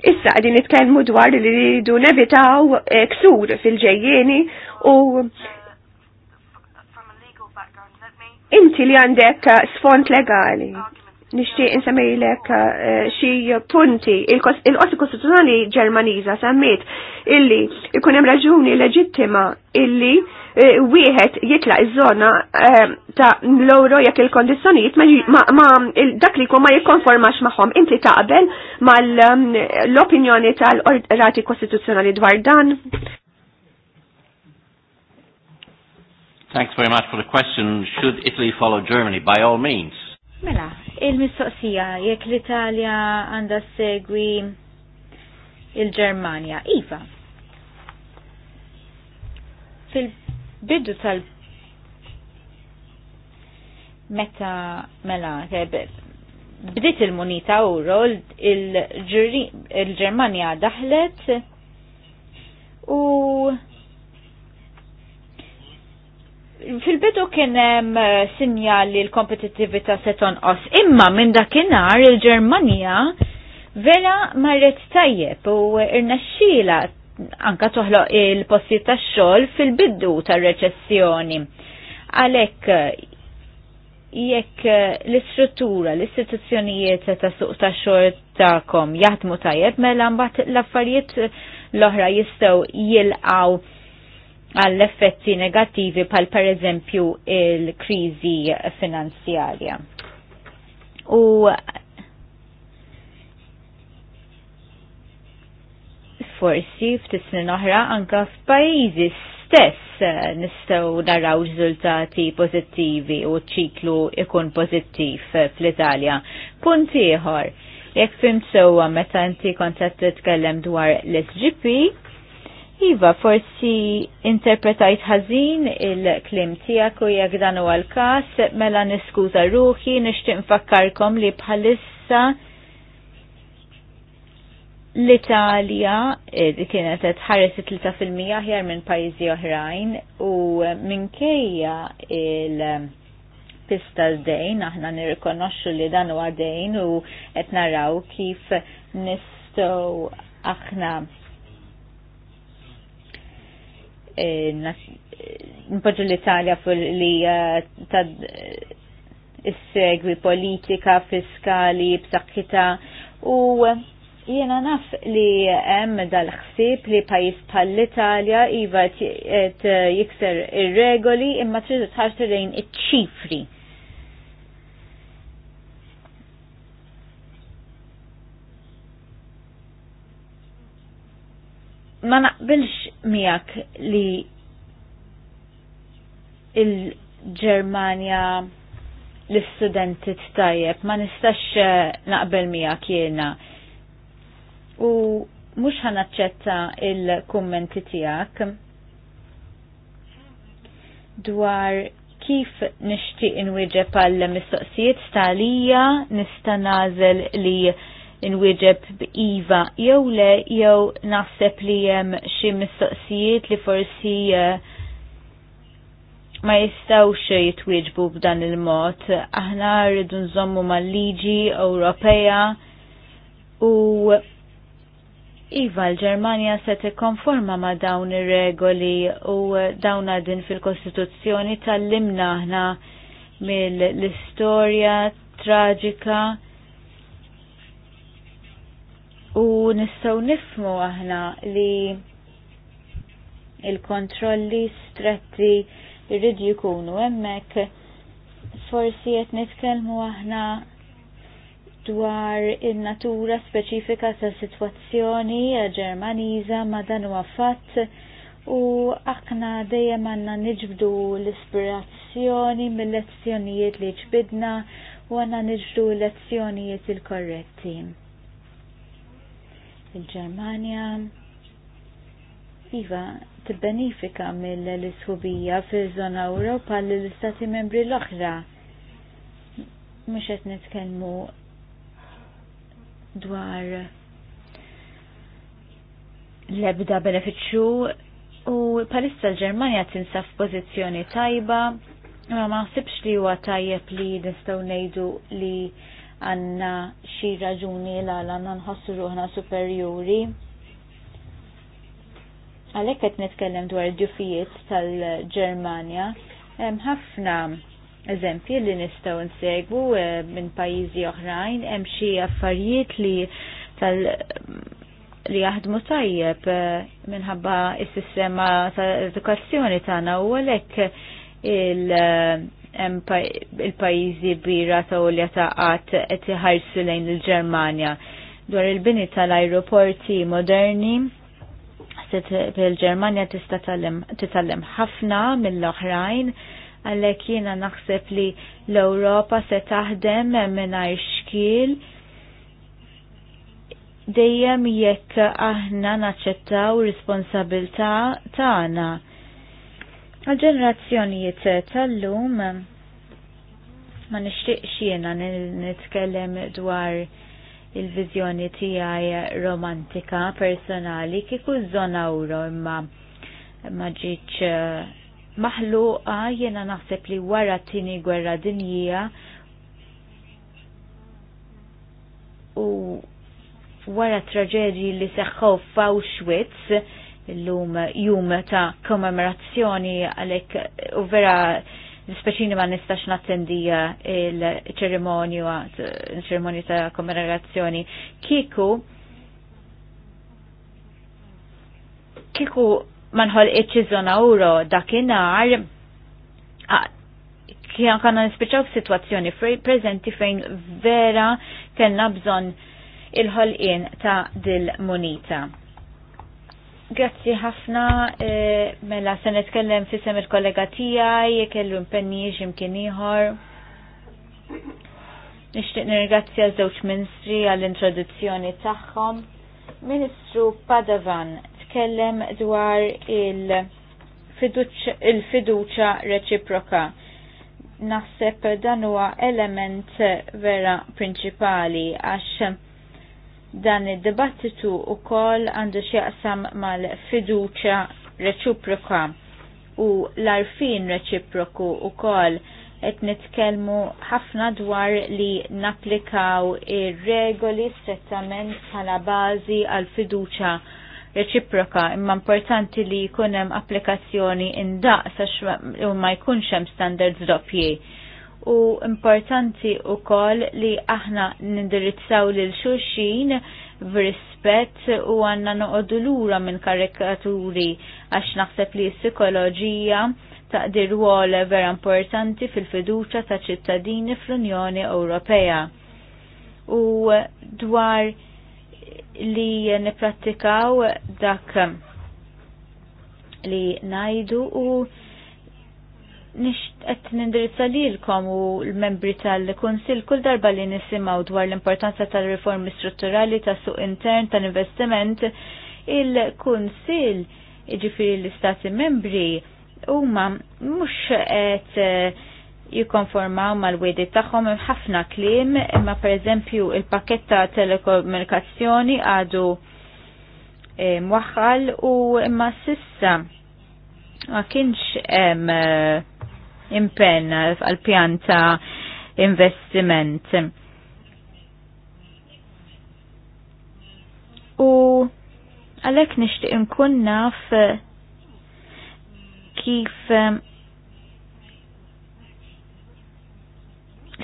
Issa għadin nitkellmu dwar li rridu nevitaw eh, ksur fil-ġejjeni u inti li għandek eh, sfont legali. Nishtiq insemmejlek eh, xi punti il-Qorti Kostituzzjonali Ġermaniża semmiet illi ikunem hemm raġuni leġittima illi Eh, wieħed jitla' iż-żona eh, ta' l-ewro jekk il-kondizzjonijiet ma dak li jkun ma jikkonformax magħhom. Inti taqbel mal-opinjoni mm, tal-Rati Kostituzzjonali dwar dan? Thanks very much for the question. Should Italy follow Germany? By all means. Mela, il-mistoqsija, jekk l-Italja għandha segwi il-Germania. Iva. Fil bidu tal meta mela eh, bdiet il-munita euro il-Ġermanja daħlet u fil-bidu kien hemm eh, sinjal li l-kompetittività se tonqos, imma minn dakinhar il-Ġermanja vera marret tajjeb u irnexxila anka toħloq il-postijiet tax-xogħol fil-biddu tar-reċessjoni. Għalhekk jekk l-istruttura, l-istituzzjonijiet ta' suq ta' xogħol tagħkom jaħdmu tajjeb mela mbagħad l-affarijiet l-oħra jistgħu jilqgħu għall-effetti negattivi pal per eżempju il-kriżi finanzjarja. U forsi ftit snin oħra anka f'pajjiżi stess eh, nistgħu naraw riżultati pożittivi u ċiklu ikun pożittiv eh, fl-Italja. Punt ieħor, jekk fimt sewwa meta inti kont qed titkellem dwar l-SGP, Iva, forsi interpretajt ħażin il-klim tiegħek u jekk dan huwa l-każ, mela niskuża ruħi, nixtieq nfakkarkom li bħalissa L-Italja eh, kienet qed tħares 3% aħjar minn pajjiżi oħrajn u minkejja il- pista l-dejn, aħna nirrikonoxxu li dan huwa dejn u qed naraw kif nistgħu aħna eh, npoġġu l-Italja fuq li eh, tad is-segwi politika fiskali b'saħħitha u Jena naf li hemm dal-ħsib li pajis bħall-Italja iva eh, jikser ir-regoli imma tridu tħarsu lejn iċ-ċifri. Ma naqbilx miegħek li il-Ġermanja l-istudenti tajjeb ma nistax eh, naqbel miegħek jiena u mhux ħanaċċetta il-kummenti tiegħek dwar kif nixtieq inwieġeb għall mistoqsijiet stalija nista' nazel li inwieġeb b'iva jew le jew naħseb li hemm xi mistoqsijiet li forsi eh, ma jistawx jitwieġbu b'dan il-mod. Aħna rridu nżommu mal-liġi Ewropea u Iva, l-Germania se tikkonforma ma dawn ir-regoli u dawn din fil-Kostituzzjoni tal-limna aħna mill-istorja traġika u nistgħu nifmu aħna li il-kontrolli stretti jridu jkunu hemmhekk forsi qed nitkellmu aħna dwar in-natura speċifika ta' sitwazzjoni Ġermaniża ma dan huwa fatt u aħna dejjem għandna niġbdu l-ispirazzjoni mill-lezzjonijiet li ġbidna u għandna niġbdu l-lezzjonijiet il-korretti. Il-Ġermanja Iva, t-benifika mill-isħubija fil-żona Ewropa l istati membri l-oħra. Mhux qed nitkellmu dwar l-ebda beneficju u palissa l-Ġermanja tinsa f'pożizzjoni tajba ma ma sibx li huwa tajjeb li nistgħu ngħidu li għandna xi raġuni l għandna nħossu ruħna superjuri. Għalhekk qed nitkellem dwar id-djufijiet tal-Ġermanja hemm ħafna eżempji li nistgħu nsegwu eh, minn pajjiżi oħrajn hemm xi affarijiet li tal li jaħdmu tajjeb eh, minħabba is-sistema tal-edukazzjoni tagħna u għalhekk eh, il-pajjiżi bira ta' ulja ta' qatt qed iħarsu lejn il-Ġermanja dwar il-bini tal-ajruporti moderni fil-Ġermanja tista' titgħallem ħafna mill-oħrajn għallek jiena naħseb li l-Europa se taħdem mingħajr xkil dejjem jekk aħna naċċettaw responsabilità tagħna. Għal-ġenerazzjonijiet tal-lum ma nixtieqx jiena nitkellem dwar il-vizjoni tiegħi romantika personali kieku żona euro imma ma ġietx maħluqa jena naħseb li wara tini gwerra dinjija u wara traġedji li seħħu f'Auschwitz l-lum jum ta' kommemorazzjoni għalek u vera dispeċini ma nistax nattendija il-ċerimonju ċerimonju ta' kommemorazzjoni kiku kiku manħol iċ-ċiżona uro dakinar kien kanna nispiċaw situazzjoni prezenti fejn vera kellna bżon il-ħolqien ta' dil-munita. Grazzi ħafna, e, mela se nitkellem fisem il-kollega tiegħi kellu impenni x'imkien ieħor. Nixtieq nirgrazzja żewġ ministri għall-introduzzjoni tagħhom. Ministru Padavan nitkellem dwar il-fiduċa reċiproka. Naħseb dan huwa element vera prinċipali għax dan id-dibattitu wkoll għandu x'jaqsam mal-fiduċa reċiproka u l-arfin reċiproku wkoll qed nitkellmu ħafna dwar li napplikaw ir-regoli strettament bħala bażi għal fiduċa reċiproka imma importanti li jkun hemm applikazzjoni indaqsa u ma jkunx hemm standards doppji. U importanti wkoll li aħna nindirizzaw lil xulxin b'rispett u għanna noqogħdu lura minn karikaturi għax naħseb li s-psikoloġija taqdir wol vera importanti fil-fiduċa ta' ċittadini fl-Unjoni Ewropea. U dwar li nipratikaw dak li najdu u qed nindirizza lilkom u l-membri tal-Kunsill kull darba li nisimgħu dwar l-importanza tal-riformi strutturali tas suq intern tal-investiment il-Kunsill iġifiri l-Istati membri huma mhux qed eh, jikonformaw mal-wedi tagħhom hemm ħafna kliem, imma pereżempju il paketta ta' telekomunikazzjoni għadu eh, mwaħħal u imma sissa ma kienx hemm eh, impenn għal pjan ta' investiment. U għalhekk nixtieq inkun naf eh, kif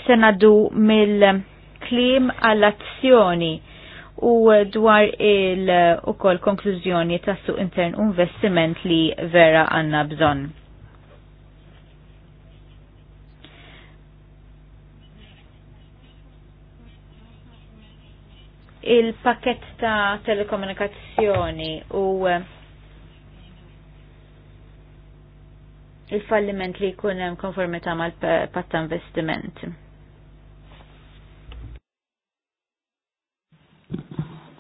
senadu mill-klim għall-azzjoni u dwar il-ukoll konklużjoni ta' suq intern u investiment li vera għanna bżon. il-pakket ta' telekomunikazzjoni u eh, il-falliment li jkun hemm konformità mal-patt investiment.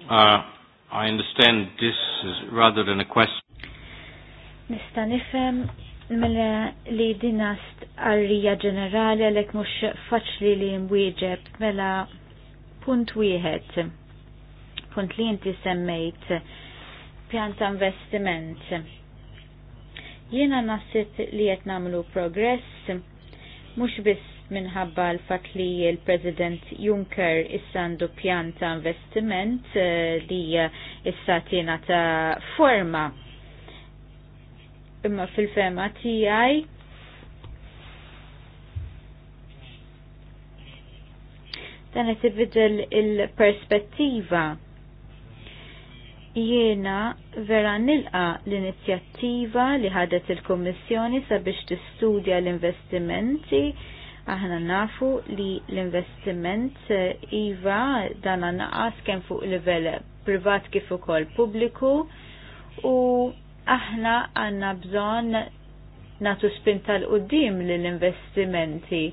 Uh, I understand this is rather than a question. Nista nifhem mela li dinast arrija ġenerali għalhekk mhux faċli li mwieġeb mela punt wieħed. Punt li inti semmejt pjanta investiment. Jiena nasit li qed nagħmlu progress mhux biss minħabba l-fat li l-President Juncker issandu pjan ta' investiment eh, li issa tiena ta' forma. Imma fil-fema tijaj dan qed ibidel il-perspettiva jiena vera nilqa l-inizjattiva li ħadet il-Kommissjoni sabiex tistudja l-investimenti Aħna nafu li l-investiment eh, iva dan naqas kemm fuq livell privat kif ukoll pubbliku u aħna għandna bżonn natu spin tal-qoddim l-investimenti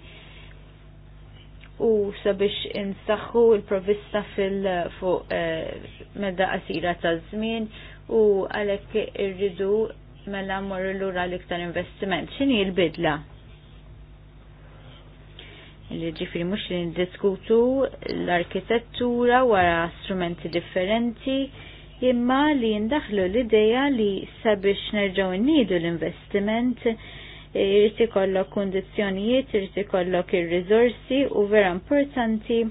u sabiex insaxħu l provista fil-fuq eh, medda qasira ta' żmien u għalhekk irridu mela mmorru lura l-iktar investiment. X'inhi l-bidla? Ġifiri mux li diskutu l-arkitettura wara strumenti differenti imma li jindaħlu l-ideja li sabiex nerġaw nidu l-investiment irrit ikollok kondizjonijiet, irrit ikollok ir rizorsi u vera importanti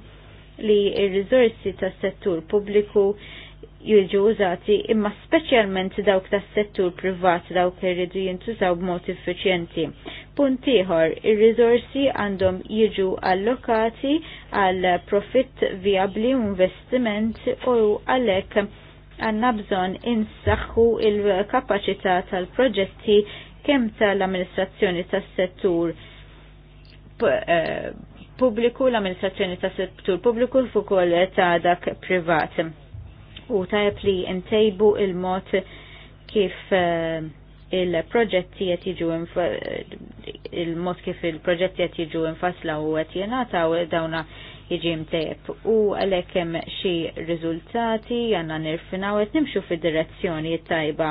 li il-rizorsi tas settur pubbliku jiġu użati imma speċjalment dawk tas settur privat dawk li rridu jintużaw b'mod effiċjenti. Punt ieħor, ir-riżorsi għandhom jiġu allokati għal profitt viabli u investiment u għalhekk għandna bżonn insaħħu il-kapaċità tal-proġetti kemm tal-amministrazzjoni tas-settur eh, pubbliku, l-amministrazzjoni tas settur pubbliku l-fukol ta' dak privat u tajb li ntejbu il-mod kif eh, il-proġetti jiġu il-mod kif il-proġetti qed jiġu infasla u qed u dawna jiġi mtejb. U għalhekk hemm xi riżultati għandna nirfinaw qed nimxu fid-direzzjoni tajba.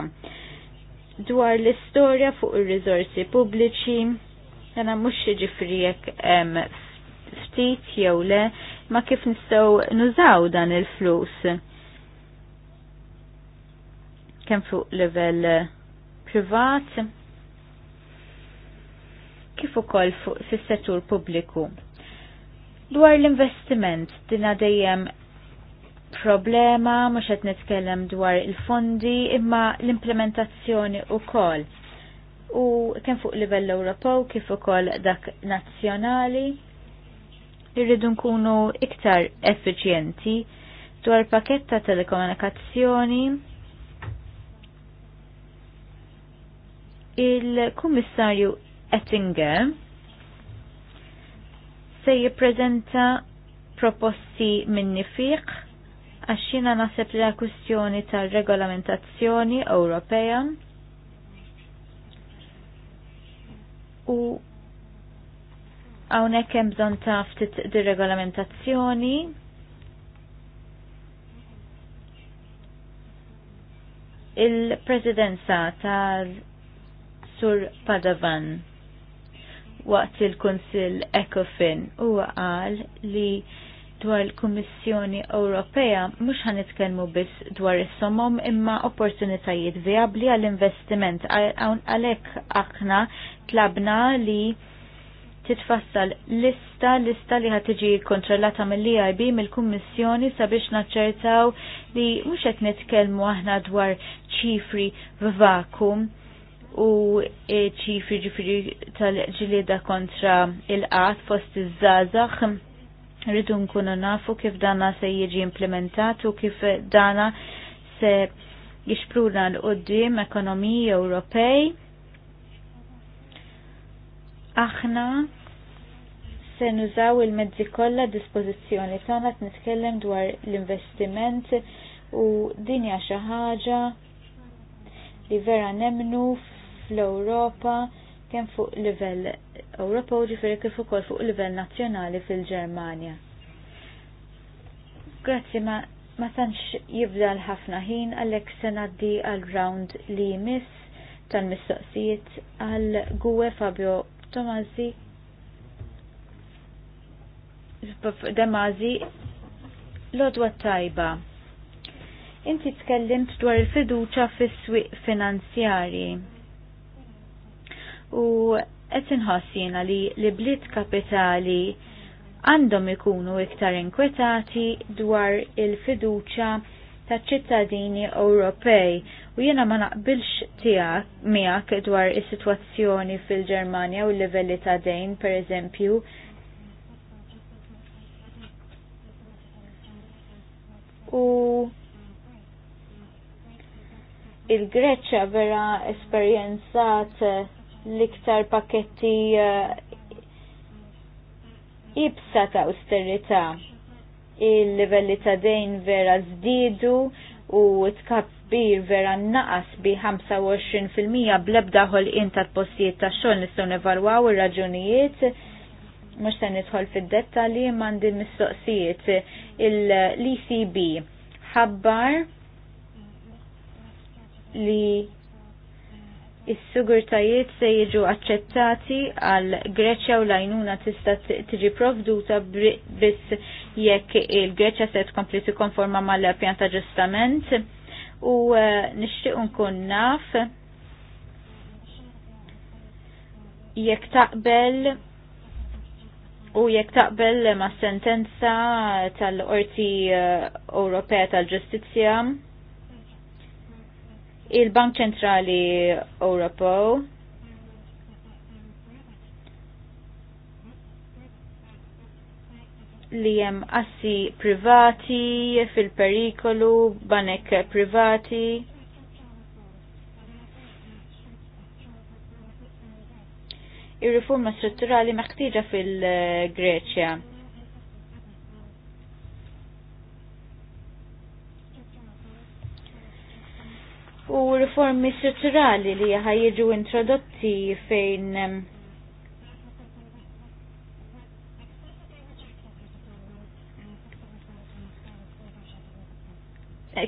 Dwar l-istorja fuq ir rizorsi pubbliċi, għanna mhux ġifri jekk hemm ftit jew le ma kif nistgħu nużaw dan il-flus kemm fuq livell eh, privat kif ukoll fuq fis-settur pubbliku. Dwar l-investiment dina dejjem problema mhux qed nitkellem dwar il-fondi imma l-implementazzjoni ukoll. U kemm fuq livell Ewropew kif ukoll dak nazzjonali irridu nkunu iktar effiċjenti dwar pakett ta' telekomunikazzjoni il-Kummissarju Ettinger se jipprezenta proposti minni fiq għax jiena naħseb li kwistjoni tal-regolamentazzjoni Ewropea u hawnhekk hemm bżonn taftit di dir-regolamentazzjoni il-presidenza tal Sur Padavan waqt il-Kunsill ECOFIN huwa qal li dwar il-Kummissjoni Ewropea mhux ħanitkellmu biss dwar is-somom imma opportunitajiet viabli għall-investiment għalhekk aħna tlabna li titfassal lista lista li ħad tiġi kontrollata mill-EIB mill-Kummissjoni sabiex naċċertaw li mhux qed nitkellmu aħna dwar ċifri v'vakum u ċifri ġifri tal-ġilida kontra il-qat fost iż-żazax. Rridu nkunu nafu kif dana se jiġi implementat u kif dana se jixpruna l-qoddim ekonomiji Ewropej. Aħna se nużaw il-mezzi kollha dispożizzjoni tagħna qed nitkellem dwar l-investiment u dinja xi ħaġa li vera nemnu fl-Ewropa kemm fuq livell u ġifieri kif ukoll fuq livell nazzjonali fil-Ġermanja. Grazzi ma ma tantx jibdal ħafna ħin għalhekk se ngħaddi għal round li jmiss tal-mistoqsijiet għal gue Fabio Tomazzi Demazi l-odwa tajba. Inti tkellimt dwar il-fiduċa fis-swieq finanzjari u qed ħassina li li bliet kapitali għandhom ikunu iktar inkwetati dwar il-fiduċa ta' ċittadini Ewropej u jiena ma naqbilx tiegħek miegħek dwar is-sitwazzjoni fil-Ġermanja u l-livelli ta' dejn pereżempju. U il-Greċja vera esperjenzat l-iktar pakketti eh, ibsa ta' austerita il-livelli ta' dejn vera zdidu u tkabbir vera naqas bi 25% blebda ħol inta t-postijiet ta' xol nistaw nevalwaw il-raġunijiet mux se nidħol fid-dettali mandi mistoqsijiet l-ECB ħabbar li Is-sigurtajiet se jiġu aċċettati għal Greċja u lajnuna tista' tiġi provduta biss jekk il-Greċja se tkompli tikkonforma mal-pjan ta' ġustament u eh, nixtieq nkun naf jekk taqbel u jekk taqbel ma' sentenza tal-Qorti eh, Ewropea tal-Ġustizzja il-Bank Ċentrali Europo. li jem assi privati fil-perikolu, banek privati. Ir-riforma strutturali meħtieġa fil-Greċja u riformi strutturali li ħajġu introdotti fejn eh,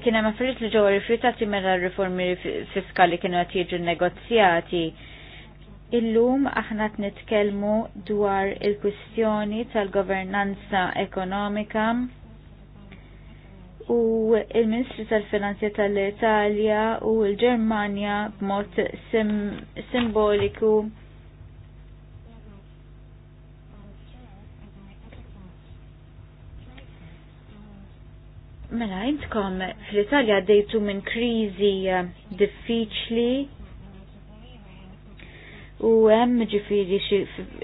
kiena hemm affarijiet li ġew rifjutati mela r-riformi fiskali kienu qed jiġu negozjati. Illum aħna qed nitkellmu dwar il-kwistjoni tal-governanza ekonomika u il-Ministri tal-Finanzja tal-Italja u l-Ġermanja b'mod sim simboliku Mela, intkom fl-Italja dejtu minn krizi diffiċli u hemm ġifiri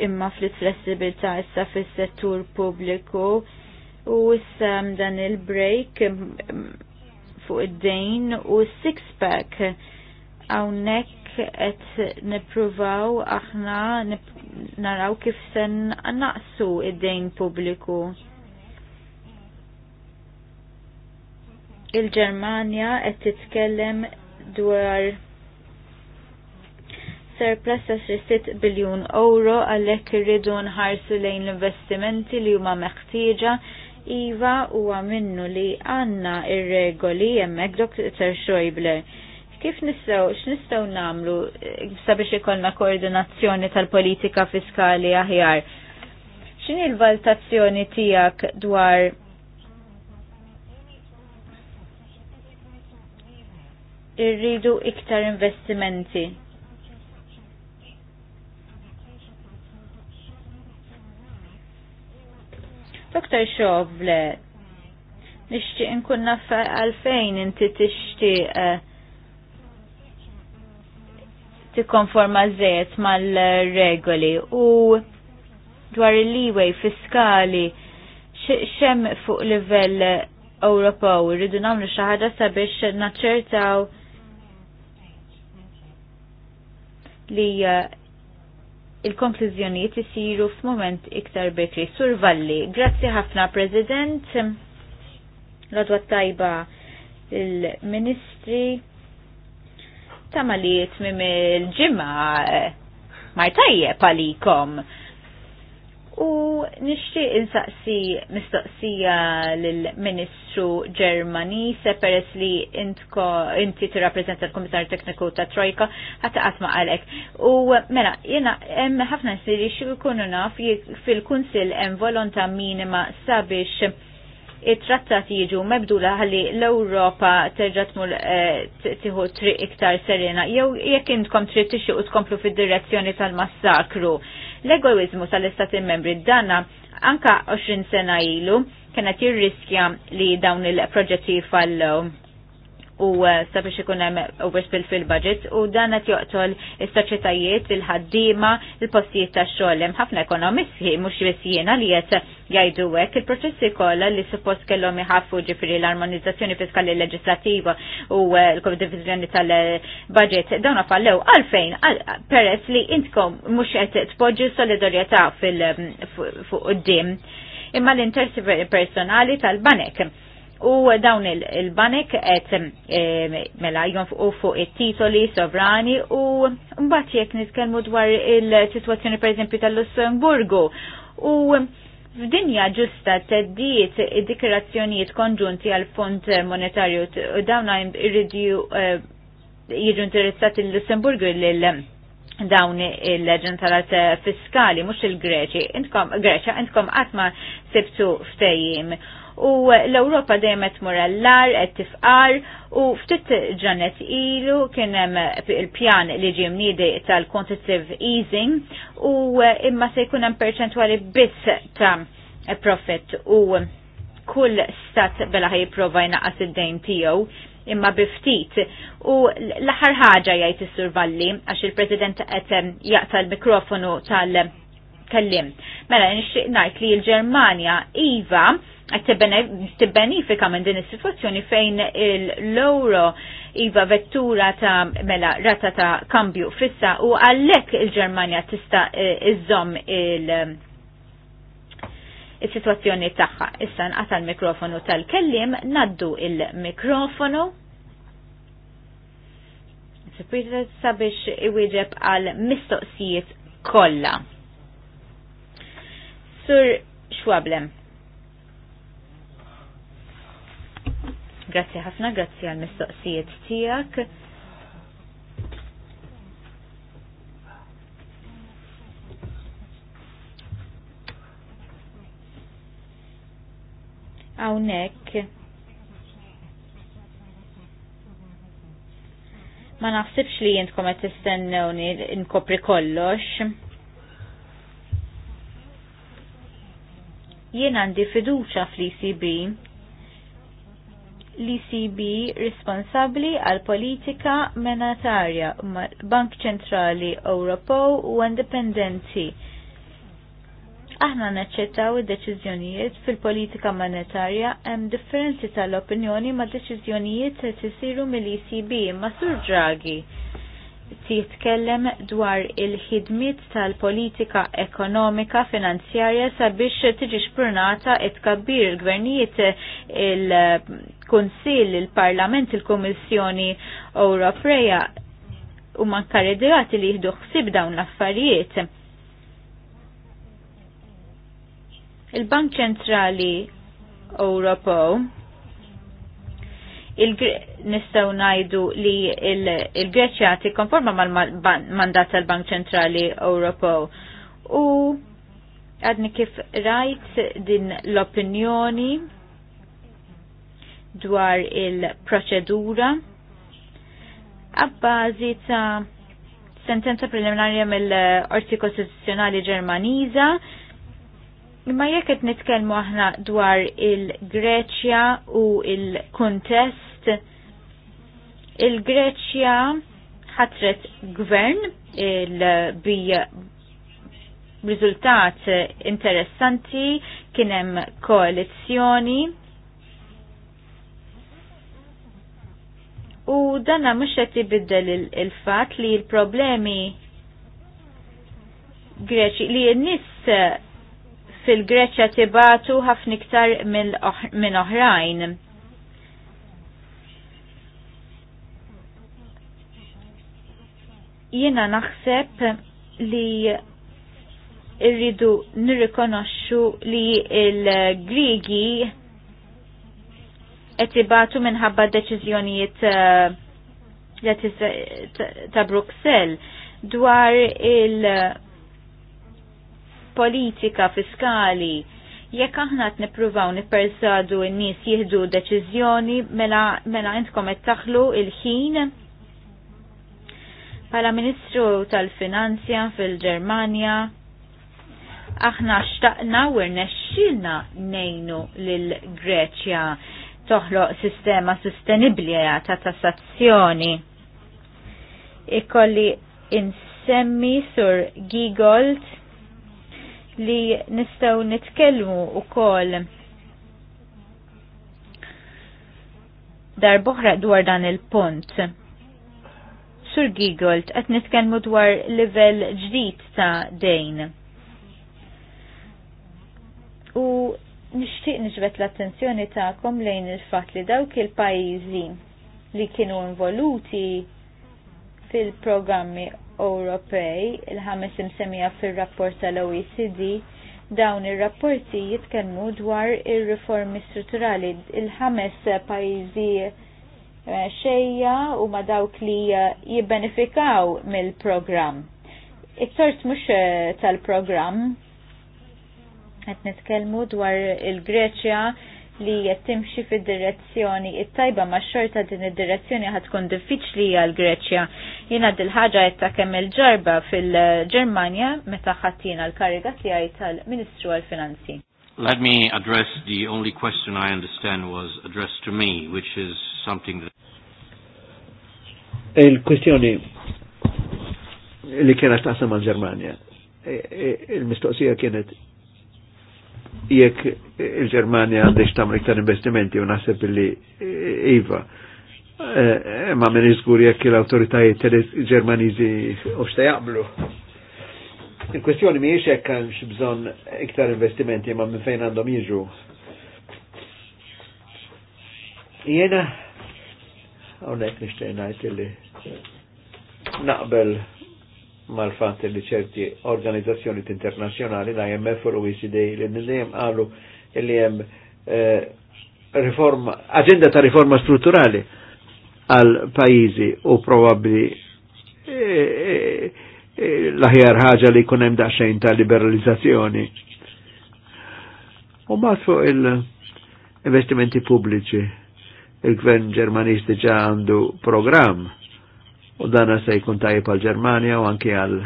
imma fl-flessibilità issa fis-settur pubbliku u s-sem dan il-break um, fuq id-dejn u six-pack għawnek qed nippruvaw aħna naraw kif sen naqsu id-dejn pubbliku. Il-Ġermanja qed titkellem dwar surplus ta' 6 biljun euro għalhekk irridu nħarsu lejn l-investimenti li huma meħtieġa Iva huwa minnu li għanna ir-regoli hemmhekk Dr. Schäuble. Kif nistgħu x'nistgħu nagħmlu eh, sabiex ikollna koordinazzjoni tal-politika fiskali aħjar? X'inhi l valtazzjoni tiegħek dwar irridu iktar investimenti? Dr. Xovle, nixtieq inkunna naf għalfejn inti tixtieq eh, tikkonforma żejt mal-regoli u dwar il-leeway fiskali xem fuq livell Ewropew irridu nagħmlu xi ħaġa sabiex naċċertaw li eh, il-konklużjonijiet isiru f'moment iktar Sur Survalli, grazzi ħafna President, l-adwa tajba il-Ministri, tamaliet mim il-ġimma eh, ma tajje palikom. U nixtieq insaqsi mistoqsija lill-Ministru Ġermani se li inti tirrappreżenta l komissar Tekniku ta' Trojka ħadd qasma għalek. U mela jiena hemm ħafna nsiri xi jkunu naf fil-Kunsill hemm volontà minima sabiex it-trattati jiġu mebdula ħalli l-Ewropa terġa' tmur eh, tiħu triq iktar serena jew jekk intkom trid tixtiequ tkomplu fid-direzzjoni tal-massakru l-egoizmu tal-istati membri danna anka 20 sena ilu kienet jirriskja li dawn il-proġetti fallu u eh, sabiex ikun hemm overspill fil-budget u dan qed joqtol is-soċjetajiet il-ħaddiema il-postijiet tax-xogħol hemm ħafna ekonomisti mhux biss jiena li qed jgħidu hekk il-proċessi kollha li suppost kellhom iħaffu ġifieri l-armonizzazzjoni fiskali leġislattiva u eh, l-kondivizjoni tal-budget dawn fallew għalfejn peress li intkom mhux qed tpoġġu solidarjetà fil fuq qudiem imma l interessi personali tal-banek U dawn il-banek qed mela jonfqu fuq it-titoli sovrani u mbagħad jekk nitkellmu dwar il-sitwazzjoni pereżempju tal-Lussemburgu u F'dinja ġusta teddiet id-dikirazzjonijiet konġunti għal Fond Monetarju u dawn irridu e, jiġu interessati l-Lussemburgu lil dawn il-ġentarat fiskali, mux il-Greċi. Intkom, Greċa, intkom għatma sibtu ftejjim u l-Ewropa dejjem qed tmur għall-lar, qed tifqar u ftit ġanet ilu kien hemm il-pjan li ġie mniedi tal-quantitative easing u imma se jkun hemm perċentwali biss ta' profit u kull stat ħaj jipprova jnaqas id-dejn tiegħu imma biftit. U l-aħħar ħaġa jgħid is-Sur Valli għax il-President qed ehm, jaqta' l-mikrofonu tal-kellim. Mela nixtieq ngħid li l-Ġermanja iva t-benifika minn din is-sitwazzjoni fejn l-euro iva vettura ta' mela rata ta' kambju fissa u għallek il ġermania tista' iżżomm il- is-sitwazzjoni tagħha. Issa nqata l-mikrofonu tal-kellim, naddu il-mikrofonu. Sabiex iwieġeb għal mistoqsijiet kollha. Sur xwablem Grazzi ħafna, grazzi għal mistoqsijiet tijak. Awnek. Ma naħsibx li jintkom qed tistennewni nkopri kollox. jien għandi fiduċa fl-ECB l-ECB responsabli għal politika menatarja Bank Ċentrali Ewropew u indipendenti. Aħna naċċettaw id-deċiżjonijiet fil-politika monetarja hemm differenzi tal-opinjoni ma' deċiżjonijiet se tisiru mill-ECB ma' Sur Draghi jitkellem dwar il-ħidmit tal-politika ekonomika finanzjarja sabiex tiġi xpurnata et kabbir il-gvernijiet il konsil il-Parlament, il-Komissjoni Ewropreja u mankaredijati li jihdu xsib dawn l-affarijiet. Il-Bank Ċentrali Ewropew nistaw najdu li il-Greċja il tikkonforma mal-mandat tal-Bank Ċentrali Ewropew. U għadni kif rajt din l-opinjoni dwar il-proċedura għabbażi ta' sentenza preliminarja mill-Orti Kostituzzjonali Ġermaniża Imma jekk qed nitkellmu aħna dwar il-Greċja u il-kuntest, il-Greċja ħatret gvern il-bi riżultat interessanti kien hemm koalizzjoni u danna mhux qed ibiddel il-fatt li l-problemi Greċi li n-nies fil-Greċja tibatu ħafna iktar minn oħrajn. Jiena naħseb li irridu nirrikonoxxu li il-Grigi qed ibatu minħabba deċiżjonijiet eh, ta' Bruxelles dwar il- politika fiskali. Jekk aħna qed nippruvaw nippersadu n-nies jieħdu deċiżjoni mela mela intkom qed taħlu il-ħin Pala Ministru tal-Finanzja fil-Ġermanja, aħna xtaqna u rnexxilna nejnu lil Greċja toħloq sistema sostenibbli ta' tassazzjoni. Ikolli insemmi sur Gigold li nistaw nitkellmu u koll darboħra dwar dan il-punt. Sur Gigolt, għet nitkellmu dwar level ġdid ta' dejn. U nishtiq nġbet l-attenzjoni ta'kom lejn il-fat li dawk il-pajizi li kienu involuti fil-programmi Ewropej, il-ħames imsemmija fil-rapport tal-OECD, dawn ir-rapporti jitkellmu dwar ir-riformi strutturali. Il-ħames pajjiżi eh, xejja u ma dawk li eh, jibbenefikaw mill-programm. It-sors mhux eh, tal-programm qed nitkellmu dwar il-Greċja li qed timxi fid-direzzjoni it-tajba ma' xorta din id-direzzjoni ħad tkun diffiċli għal Greċja. Jiena dil ħaġa qed ta' kemm il-ġarba fil-Ġermanja meta ħatina l-kariga tiegħi tal-Ministru għall-Finanzi. Let me address the only question I understand was addressed to me, which is something that Il-kwistjoni li kienet taqsam għal ġermania e, e, il-mistoqsija kienet jekk il-Germania għandix tamri iktar investimenti u naħseb li eh, Iva. Eh, ma minn iżgur jekk l-autoritajiet ġermanizi u xta jaqblu. Il-kwestjoni miex jekk għandx xibżon iktar investimenti ma minn fejn għandhom jiġu. Jena, għonek nishtiq najt li naqbel mal-fat li ċerti organizzazzjoni internazjonali, la imf u l-OECD, li n-nizzem għalu li jem eh, riforma, agenda ta' riforma strutturali għal pajizi u probabli eh, eh, laħjar ħagġa li kunem daċċejn ta' liberalizzazzjoni. U mbagħad fuq il-investimenti pubbliċi, il-gvern Ġermanisti ġa għandu programm u danna se jkun tajib għal Germania u anke għal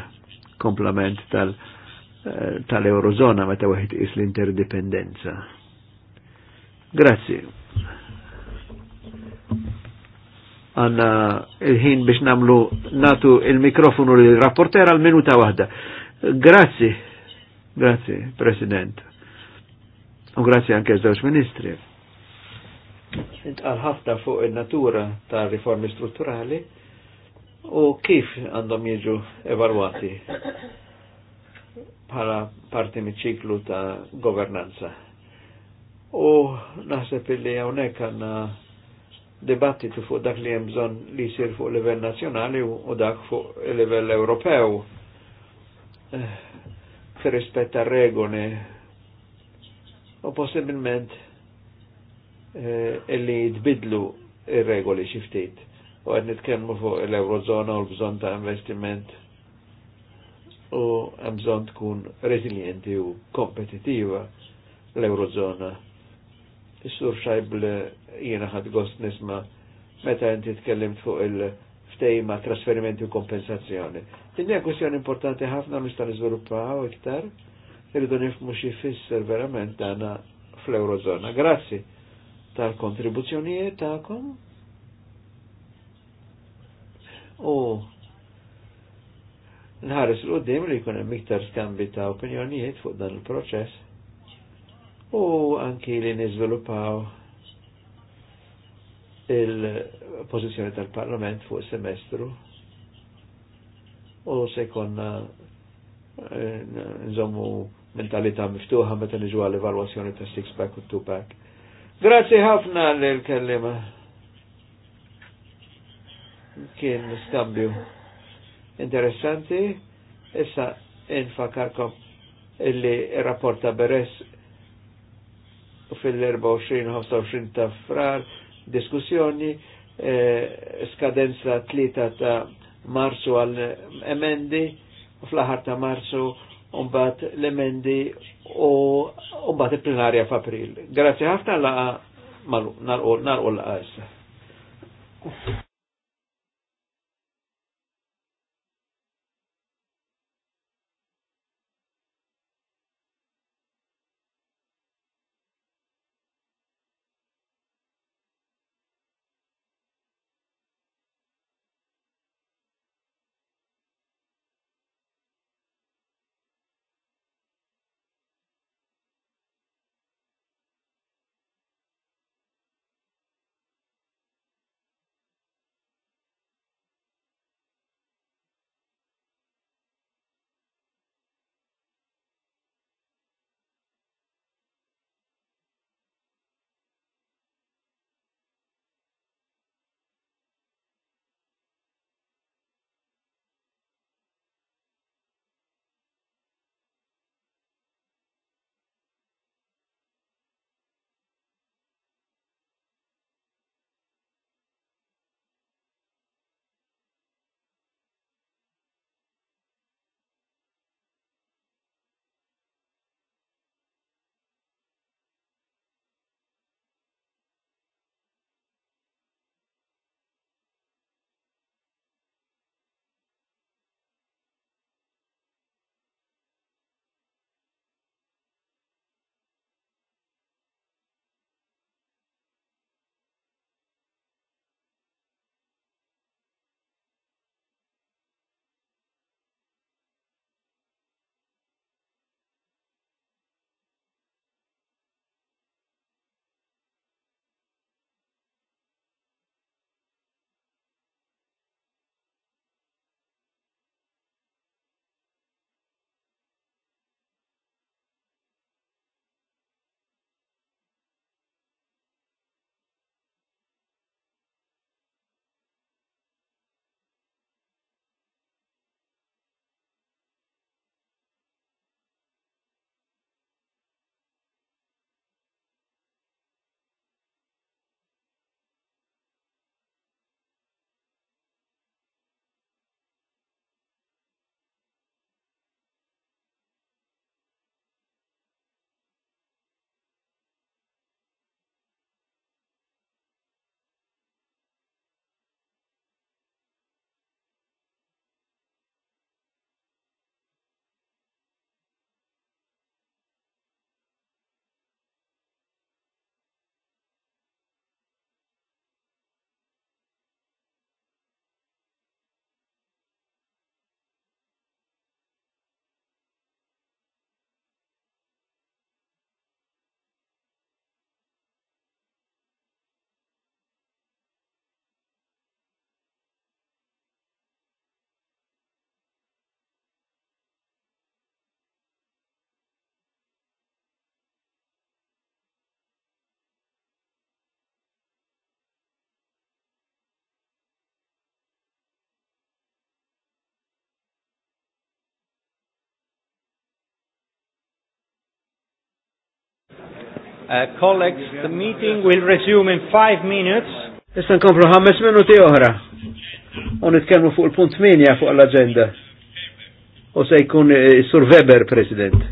komplement eh, tal-Eurozona meta wieħed is l-interdipendenza. Grazzi. Għanna il-ħin biex namlu natu il-mikrofonu li rapporter għal minuta waħda. Grazzi, grazzi, President. U grazzi anke żewġ ministri. Intqal ħafna fuq il-natura ta' riformi strutturali u kif għandhom jiġu evalwati bħala parti miċ-ċiklu ta' governanza. U naħseb illi hawnhekk għandna dibattitu fuq dak li hemm bżonn li jsir fuq livell nazzjonali u dak fuq livell Ewropew eh, fir rispett regoli u possibilment eh, illi jitbidlu ir-regoli xi ftit u għed nitkellmu fuq l-Eurozona u l-bżon ta' investiment u għemżon tkun resilienti u kompetitiva l-Eurozona. Is-sur li jiena ħad gost nisma meta inti tkellimt fuq il-ftejma trasferimenti u kompensazzjoni. Dinja kwestjoni importanti ħafna nista' niżviluppaw iktar, irridu nifmu xi fisser verament dana fl-Eurozona. Grazzi tal-kontribuzzjonijiet tagħkom u nħares l-qoddim li jkun hemm iktar skambi ta' opinjonijiet fuq dan il-proċess u anki li niżviluppaw il-pożizzjoni tal-Parlament fuq semestru u se konna eh, nżommu mentalità miftuħa meta niġu għal evalwazzjoni ta' six pack u two pack. Grazzi ħafna l-kellima kien skambju interessanti, issa infakarkom illi rapporta beres fil-24-25 ta' frar diskussjoni eh, skadenza 3 ta' marzu għal emendi u fl ħar ta' marzu umbat l-emendi u umbat il-plenarja f'april. Grazie ħafna la' nal-qolla issa. Uh, colleagues, the meeting will resume in five minutes. Issa nkomplu ħammes minuti oħra. U nitkellmu fuq il-punt 8 fuq l-agenda. U se jkun eh, Sur Weber, President.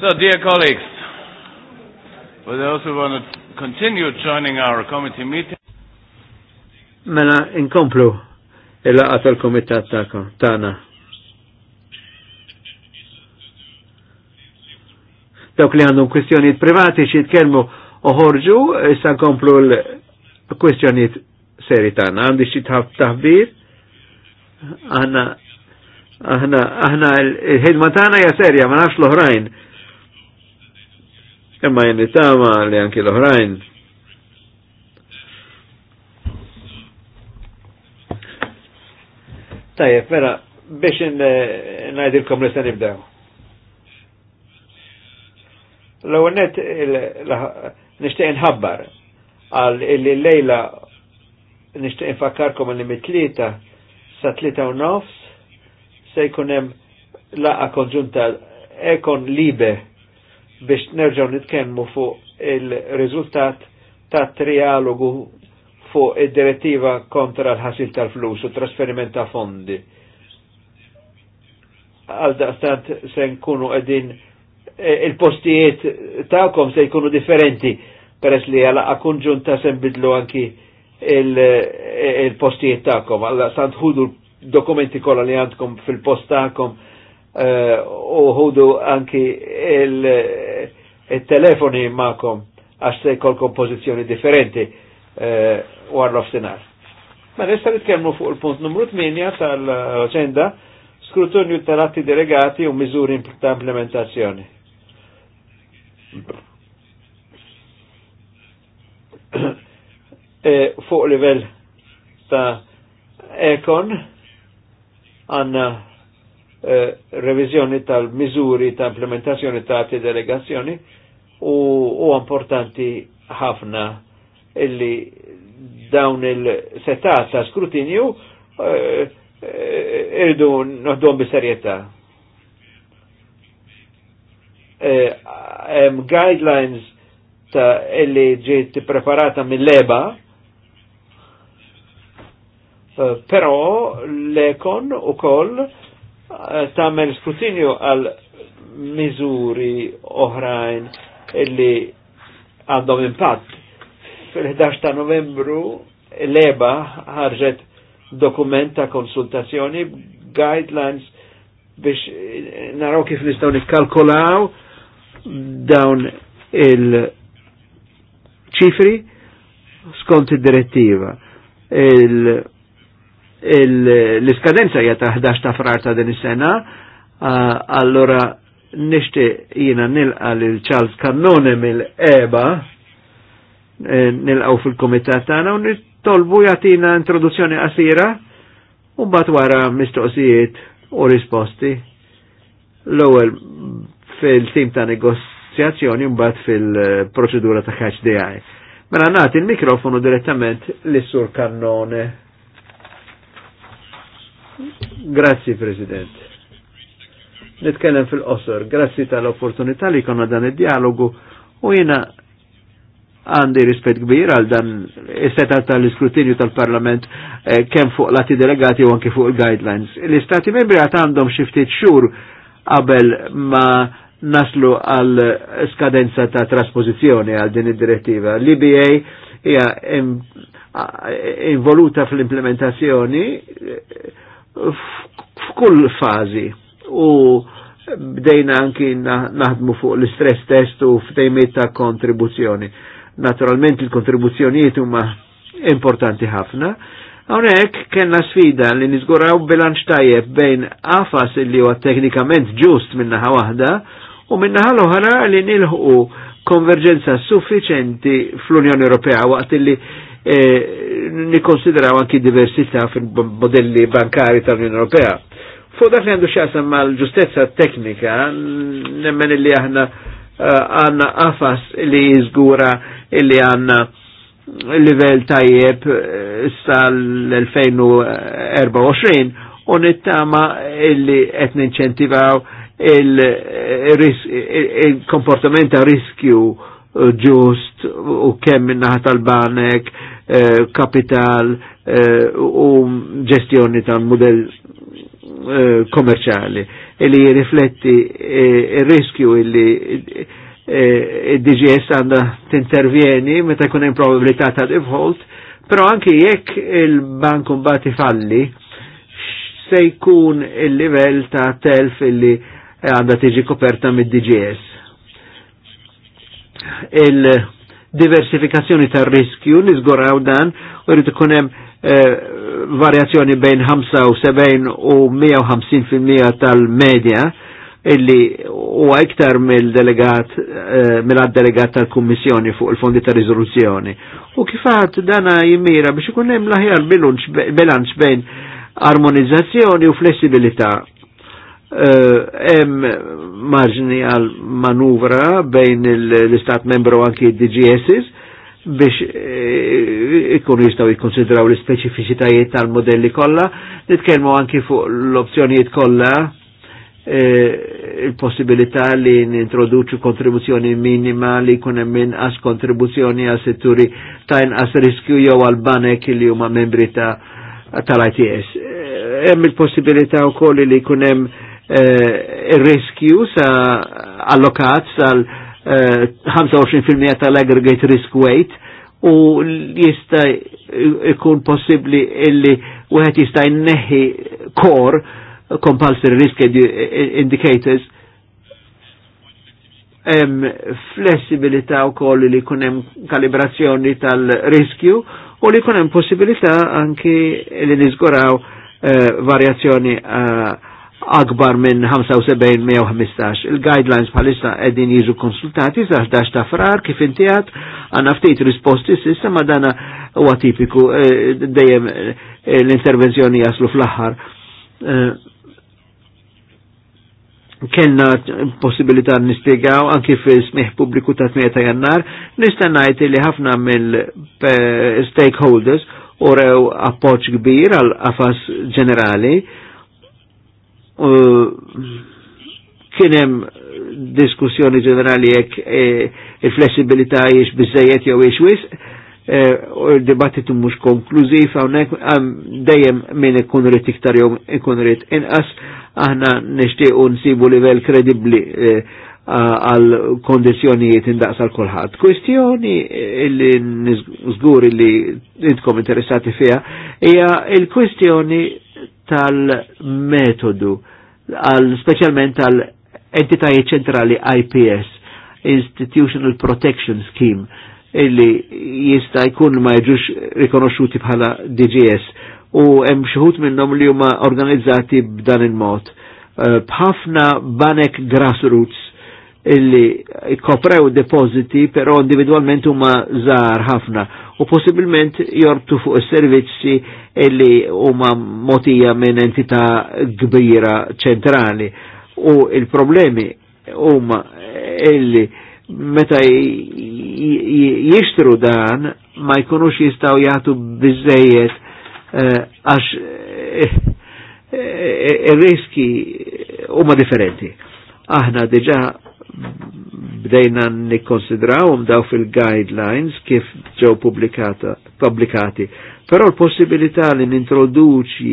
So, dear colleagues, for those who want to continue joining our committee meeting. Mela, inkomplu il laqat tal-komitat tana. Dawk li għandhom kwistjonijiet privati xi jitkellmu oħorġu, issa nkomplu l-kwistjonijiet seri tana. Għandi xi taħbir, aħna aħna aħna il-ħidma tagħna hija serja ma nafx l-oħrajn Imma jenni tama li anki l-oħrajn Tajjeb, mela, biex najdilkom li se nibdew. L-ewwel net nixtieq inħabbar għal illi lejla nishtiq infakkarkom li mitlita sa tlieta u nofs se jkun hemm laqa konġunta ekon libe biex nerġaw nitkellmu fuq il-riżultat ta' trialogu fuq id-direttiva kontra l-ħasil tal-flus u trasferiment ta' fondi. Għal daqstant se nkunu qegħdin e, il-postijiet ta'kom se jkunu differenti peress li għala akkunġun ta' bidlu anki il-postijiet il ta'kom, Għal daqstant ħudu dokumenti kolla li għandkom fil-post ta'kom Eh, uħudu anki il-telefoni ma'kom għax se jkolkom pozizjoni differenti eh, war l-ofsinar. Ma mela, nista nitkellmu fuq il-punt numru 8 tal-oċenda skrutunju tal-atti delegati u miżuri ta' implementazzjoni. E, fuq livell ta' ekon għanna Eh, revizjoni tal-miżuri ta' implementazzjoni ta' għati delegazzjoni u, u importanti ħafna illi dawn il-setat ta' skrutinju eh, eh, irdu noħdom bi serjetà. Hemm guidelines ta' illi ġiet preparata mill-leba, però l-ekon u koll Eh, tamel skrutinju għal mizuri oħrajn illi għandhom impatt. Fil-11 ta' novembru l-EBA ħarġet dokument ta' konsultazzjoni guidelines biex naraw kif nistaw nikkalkolaw dawn il-ċifri skont id-direttiva. Il l-iskadenza hija ta' 11 ta' frar ta' din is-sena, allora nixti jiena nilqa lil Charles Cannone mill-EBA, e, nilqaw fil-komitat tagħna u nittolbu jagħtina introduzzjoni qasira u mbagħad wara mistoqsijiet u risposti. L-ewwel fil-tim ta' negozjazzjoni u mbagħad fil-proċedura ta' HDI. Mela nagħti il-mikrofonu direttament lis-sur Cannone. Grazzi, President. Nitkellem fil-qosor, grazzi tal-opportunità li konna dan id-dialogu u jena għandi rispet kbir għal dan is-seta tal-iskrutinju tal-Parlament eh, kemm fuq lati delegati u anke fuq il-guidelines. L-Istati membri għat għandhom xiftit xur qabel ma naslu għal skadenza ta' trasposizjoni għal din id-direttiva. L-IBA hija involuta fl-implementazzjoni f'kull fazi u bdejna anki naħdmu fuq l-istress test u f'tejmiet ta' kontribuzzjoni. Naturalment il-kontribuzzjonijiet huma importanti ħafna. Hawnhekk kellna sfida li niżguraw bilanċ tajjeb bejn afas li huwa teknikament ġust min-naħa waħda u naħa l-oħra li nilħu konverġenza suffiċenti fl-Unjoni Ewropea waqt li E, nikonsideraw anki diversità fil-modelli bankari tal-Unjoni Ewropea. Fuq dak li għandu xasam mal-ġustezza teknika, nemmen li aħna e, għanna għafas li jizgura li għanna livell tajjeb e, sal-2024 u nittama illi qed ninċentivaw il-komportament ta' riskju ġust u kemm minnaħat tal-banek Eh, kapital eh, u ġestjoni tal model eh, komerċali li rifletti il-riskju illi il-DGS għanda t-intervjeni meta kun hemm probabilità ta' default, però anki jekk il-bank mbagħad falli se jkun il-livell ta' telf illi għanda tiġi koperta mid-DGS diversifikazzjoni ta' riskju li zgoraw dan u rridu kunem eh, varjazzjoni bejn 75 u 150% tal-medja illi u iktar mill-delegat eh, mill-delegat tal-Kummissjoni fuq il-fondi ta' riżoluzzjoni. U kifat dana jimira biex ikun hemm bilanċ bejn armonizzazzjoni u flessibilità hemm eh, marġni għal manuvra bejn l-istat membru anki DGSs biex eh, ikunu jistaw jikkonsidraw l-speċifiċitajiet tal-modelli kolla, nitkelmu anki fuq l-opzjonijiet kolla eh, il-possibilità li nintroduċu kontribuzzjoni minima li kunem minn as kontribuzzjoni għal setturi ta' as riskju jew għal banek li huma membri ta' tal-ITS. Hemm il-possibilità wkoll li kunem hemm il riskju sa allokat sal 25% tal-aggregate risk weight u jista ikun possibli illi għet jista' jneħħi core compulsory risk indicators em flessibilità wkoll li jkun kalibrazzjoni tal-riskju u li kunem hemm possibilità anki li niżguraw uh, varjazzjoni uh, akbar minn 75-115. Il-guidelines bħalissa edin jiġu konsultati sa' 11 ta' frar kif intijat għanna ftit risposti sissa ma dana u tipiku eh, dejjem eh, l-intervenzjoni jaslu fl-aħħar. Eh, Kenna possibilità nispiegaw anki fi smih pubbliku ta' 8 ta' jannar, nistennajt li ħafna mill-stakeholders u rew appoċ kbir għal-qafas ġenerali kienem diskussjoni ġenerali jekk e, il-flessibilità jiex bizzejiet jew jiex wis, e, u dibattitu mux konklużiv, għonek dejjem minn ikun rrit iktar jom ikun rrit inqas, aħna nishtiqu nsibu livell kredibli e, għal kondizjonijiet indaqs għal kolħat. Kwestjoni li nżgur li intkom interessati fija hija il-kwestjoni tal-metodu, specialment tal-entitajiet ċentrali IPS, Institutional Protection Scheme, illi jista' jkun ma jġux rikonoxxuti bħala DGS u hemm xħut minnhom li huma organizzati b'dan il-mod. Eh, b'ħafna banek grassroots illi koprew depositi, però individualment huma żgħar ħafna u possibilment jortu fuq il servizzi illi huma motija minn entità kbira ċentrali u il-problemi huma illi meta jishtru dan ma jkunux jistaw jgħatu bizzejiet eh, għax il eh, eh, riski huma differenti. Aħna diġa bdejna nikkonsidrawhom daw fil-guidelines kif ġew pubblikati. Però l-possibilità li nintroduċu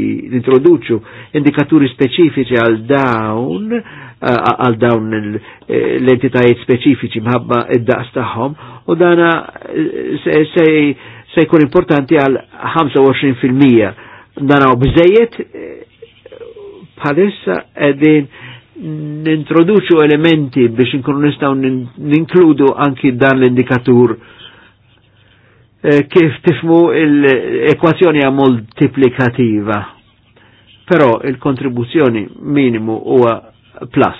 indikaturi speċifiċi għal dawn għal dawn eh, l-entitajiet speċifiċi mħabba id-daqs tagħhom u dana eh, se jkun importanti għal 25% dan għaw bżejiet eh, bħalissa edin nintroduċu elementi biex nkunu nistaw ninkludu anki dan l-indikatur eh, kif tifmu l-ekwazzjoni multiplikativa. Però il-kontribuzzjoni minimu huwa plus.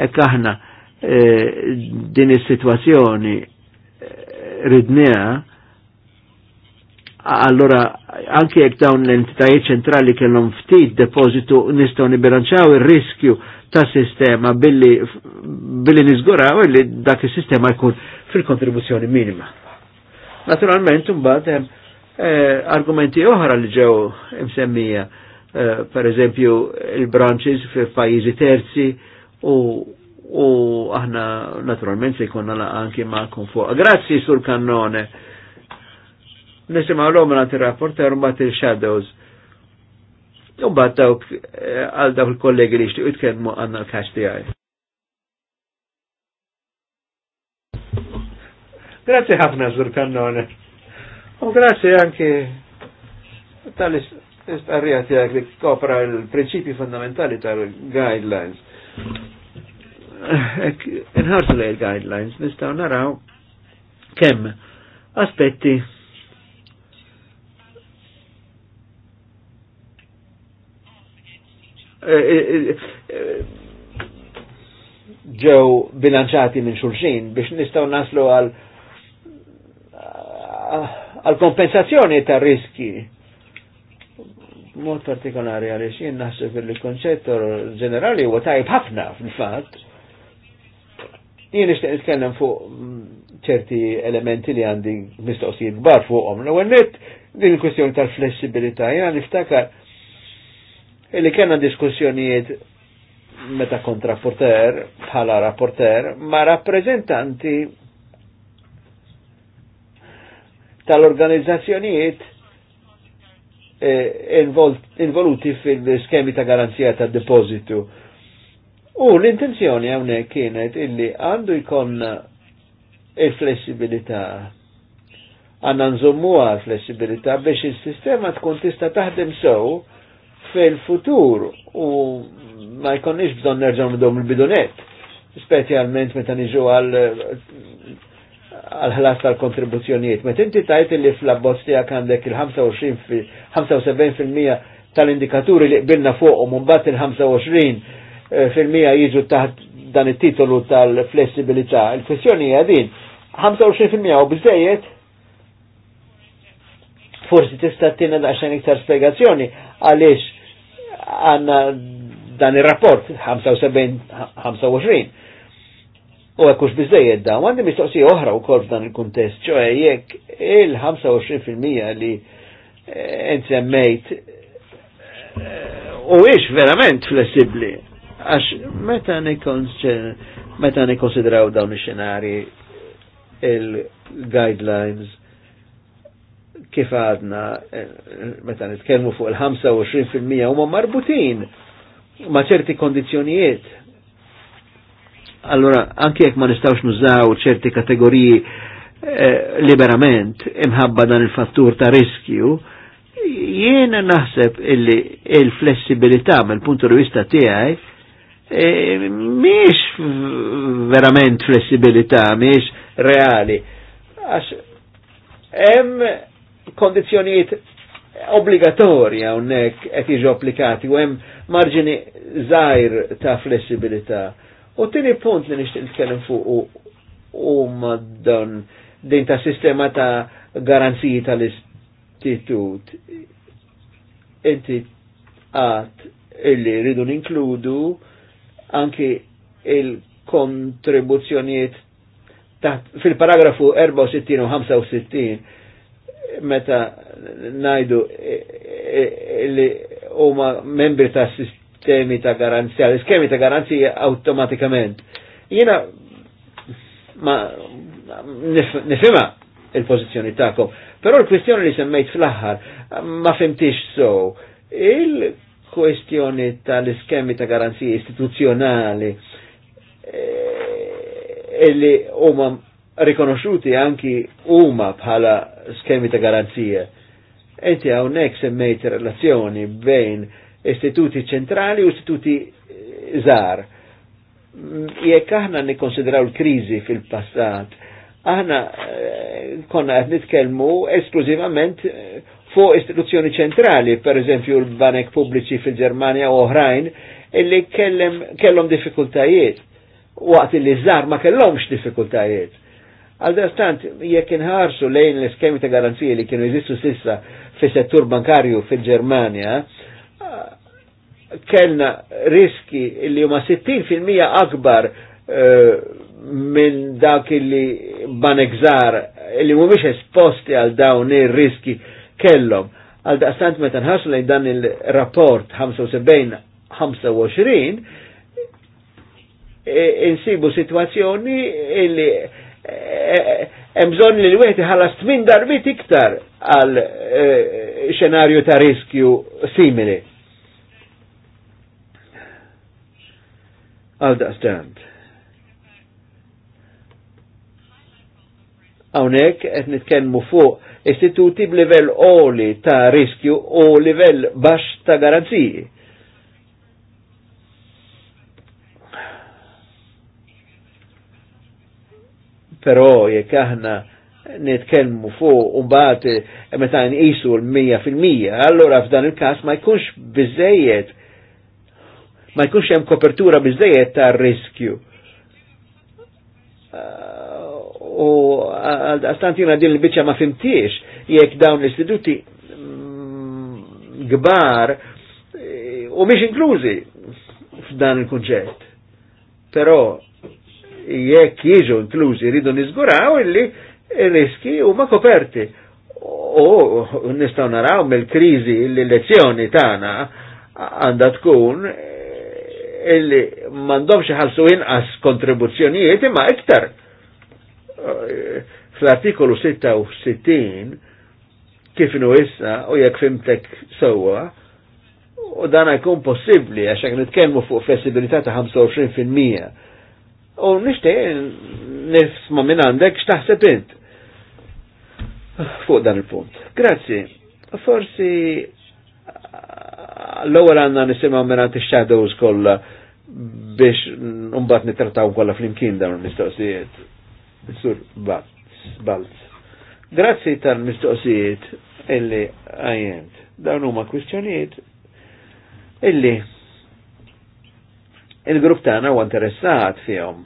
Ekk aħna eh, din is-sitwazzjoni eh, ridnea, allora anke jekk dawn l-entitajiet ċentrali kellhom ftit depożitu nistgħu nibilanċaw ir-riskju ta' sistema billi, billi u li dak il-sistema jkun fil-kontribuzzjoni minima. Naturalment, mbagħad hemm eh, argumenti oħra li ġew imsemmija, eh, per eżempju il-branches fi pajjiżi terzi u, u aħna naturalment se jkunna anki ma' fuq. Grazzi sur kannone. Nisimaw l-omra rapporter ma' til-shadows jom bat dawk eh, għal dawk il-kollegi li xtiqt kelmu għanna l-kax tijaj. Grazie ħafna, Zur Kannone. U grazie anke tal-istarrija tijak li kopra il-prinċipi fondamentali tal-guidelines. Inħarsu li il-guidelines nistaw naraw kem aspetti ġew bilanċati minn xulxin biex nistaw naslu għal għal kompensazzjoni ta' riski. Mod partikolari għaliex jien naħseb il-konċett ġenerali u tajb ħafna fil fat Jien nixtieq nitkellem fuq ċerti elementi li għandi mistoqsijiet kbar fuqhom. l għennet din il-kwestjoni tal-flessibilità. Jiena niftakar Illi kena diskussjonijiet meta kont rapporter, bħala rapporter, ma rappresentanti tal-organizzazzjonijiet eh, involuti fil-skemi ta' garanzija ta' depositu. U l-intenzjoni għawne kienet illi għandu jkun il-flessibilità għanna nżommu għal flessibilità biex il-sistema tkun tista taħdem sew so, fil-futur u ma jkonniex bżon nerġaw dom il-bidunet, specialment meta niġu għal għal-ħlas tal-kontribuzzjonijiet. Met inti tajt li fl-abbozz tiegħek għandek il-75% tal-indikaturi li qbilna fuq u mbagħad il-25% eh, jiġu taħt dan it-titolu tal-flessibilità. Il-kwestjoni hija din, 25% u biżejjed forsi tista' tinna daqsxejn iktar spjegazzjoni għaliex għanna dan il-rapport 75-25. U għekux bizzejed da, għandi mistoqsi oħra u kol dan il-kontest, ċoħe jekk il-25% li eh, n-semmejt eh, u ix verament flessibli. Għax meta meta nikonsidraw dawn il-xenari il-guidelines kif għadna, eh, eh, meta nitkellmu fuq il-25% huma marbutin ma' ċerti kondizjonijiet. Allora, anke jekk ma nistawx nużaw ċerti kategoriji eh, liberament imħabba dan il-fattur ta' riskju, jiena naħseb illi il-flessibilità mill punto di vista tiegħi eh, miex verament flessibilità, miex reali. Għax kondizjoniet obbligatorja unnek qed jiġu applikati u hemm marġini żgħir ta' flessibilità. U tini punt li nixtieq nitkellem fuq u dan din ta' sistema ta' garanziji tal-istitut. Inti għat illi rridu ninkludu anki il-kontribuzzjonijiet fil-paragrafu 64 u 65 meta najdu e, e, e, li huma membri ta' sistemi ta' garanzija, l-iskemi ta' garanzija automatikament. Jena ma nifima il-pozizjoni ta'kom, però l-kwestjoni li semmejt fl-aħħar ma fimtix so. Il-kwestjoni tal-iskemi ta' garanzija istituzjonali illi huma rikonoxuti anki huma bħala skemi ta' garanzija. Enti hawnhekk semmejt relazzjoni bejn istituti ċentrali u istituti eh, zar. Mm, jekk aħna nikkonsidraw l krizi fil-passat, aħna eh, konna għed nitkelmu esklużivament eh, fuq istituzzjoni ċentrali, per eżempju l-banek pubbliċi fil germania u oħrajn, illi kellhom diffikultajiet waqt li zar ma kellhomx diffikultajiet. Għal-dastant, jekk inħarsu lejn l-iskemi ta' garanzija li kienu jżistu sissa fi settur bankarju fil-Germania, kellna riski li huma 60% akbar eh, minn dak li banegżar li mhumiex esposti għal dawn ir-riski kellhom. Għal daqstant meta nħarsu lejn dan il-rapport 75-25 eh, insibu situazzjoni illi emżon bżonn li l-wieħed iħallas tmien darbit iktar għal eh, xenarju ta' riskju simili. Għal da' daqstant. Hawnhekk qed nitkellmu fuq istituti b'livell oli ta' riskju u livell bax ta' garanziji. Però jekk aħna nitkellmu fuq u mbagħad eh, meta nqisu l-100%, allora f'dan il-każ ma jkunx biżejjed ma jkunx hemm kopertura biżejjed ta' riskju. Eh, u għastant jina din il-bicċa ma fimtiex jekk dawn l-istituti gbar mm, eh, u miex inklużi f'dan il kunġett Però jekk jiġu inklużi rridu nizguraw illi riski huma koperti. U nistaw naraw mill krizi l-elezzjoni tagħna għandha tkun eh, illi m'għandhomx ħalsu inqas kontribuzzjonijiet imma iktar. Eh, fl-artikolu 66 kif inu issa u jekk fimtek sewwa, u dan jkun possibbli għax nitkellmu fuq flessibilità ta' 25 U nishtiq nisma minn għandek x'taħseb int. Fuq dan il-punt. Grazzi. Forsi l-ewwel għandna nisimgħu minn shadows kollha biex mbagħad nittrattaw kollha flimkien dawn il-mistoqsijiet. Sur Balz. Grazzi tal-mistoqsijiet illi għajent. Dawn huma kwistjonijiet illi il-grupp tagħna huwa interessat fihom.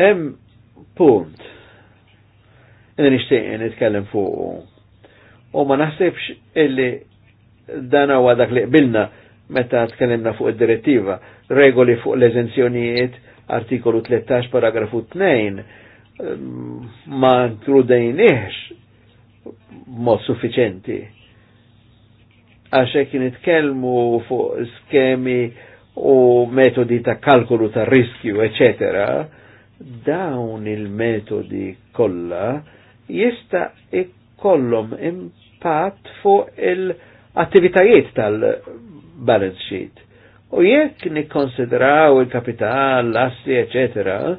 Hemm punt li nixtieq nitkellem fuq u ma naħsibx illi dan huwa dak li qbilna meta tkellimna fuq id-direttiva, regoli fuq l-eżenzjonijiet, artikolu 13 paragrafu 2, ma trudejniex mod suffiċenti. Għaxek nitkellmu fuq skemi u metodi ta' kalkulu ta' riskju, eccetera, dawn il-metodi kollha jista' ikollhom impatt fuq il-attivitajiet tal-balance sheet. U jekk nikkonsidraw il-kapital, l-assi, eccetera,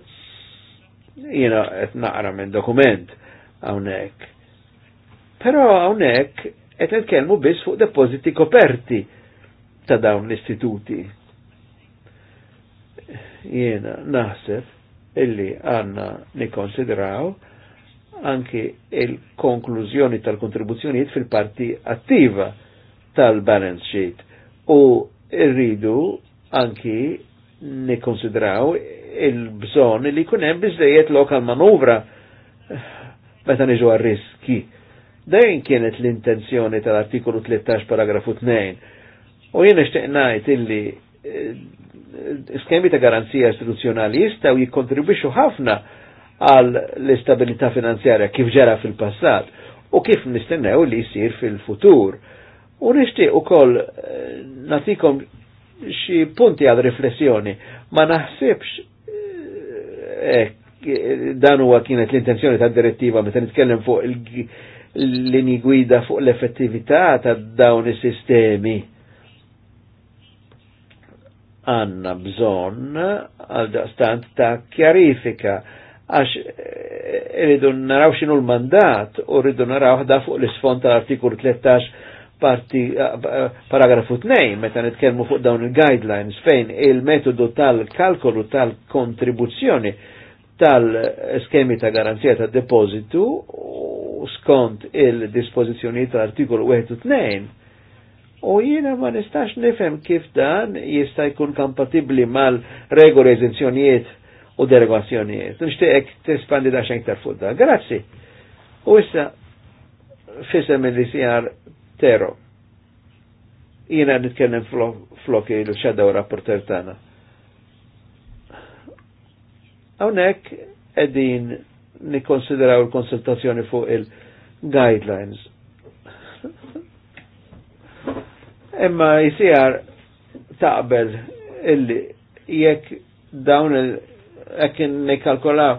jiena qed naqra minn dokument hawnhekk. Però hawnhekk qed nitkellmu biss fuq depositi koperti ta' dawn l-istituti jiena naħseb illi għanna nikonsidraw anki il-konklużjoni tal-kontribuzzjonijiet fil-parti attiva tal-balance sheet u rridu anki nikonsidraw il-bżon li kunem bizdejiet lokal manuvra meta neġu għal-riski. Dejn kienet l-intenzjoni tal-artikolu 13 paragrafu 2 u jiena xteqnajt ngħid illi eh, skemi ta' garanzija istituzzjonali jistaw jikkontribwixxu ħafna għal l-istabilità finanzjarja kif ġara fil-passat u kif nistennew li jisir fil-futur. U nixtieq ukoll eh, natikom xi punti għal riflessjoni ma naħsibx eh, eh, dan huwa kienet l-intenzjoni ta' direttiva meta nitkellem fuq il-linji gwida fuq l-effettività ta' dawn is-sistemi għanna bżon għal daqstant ta' kjarifika għax eh, rridu naraw xinu l-mandat u rridu naraw ħda fuq l-isfond tal artikul 13 eh, paragrafu 2 meta nitkellmu fuq dawn il-guidelines fejn il-metodu tal-kalkolu tal-kontribuzzjoni tal-skemi ta' garanzija ta' depositu skont il dispozizjoni tal-artikolu 1 u 2 U jiena ma nistax nifhem kif dan jista' jkun kompatibli mal-regoli eżenzjonijiet u derogazzjonijiet. Nixtieqek tispandi da xejn iktar fudda Grazzi. U issa fisem il-CR Tero. Jiena nitkellem flok il-xadaw rapporter tagħna. Hawnhekk qegħdin nikkonsideraw il-konsultazzjoni fuq il-guidelines Imma jisijar taqbel illi jekk dawn il-ek nikalkolaw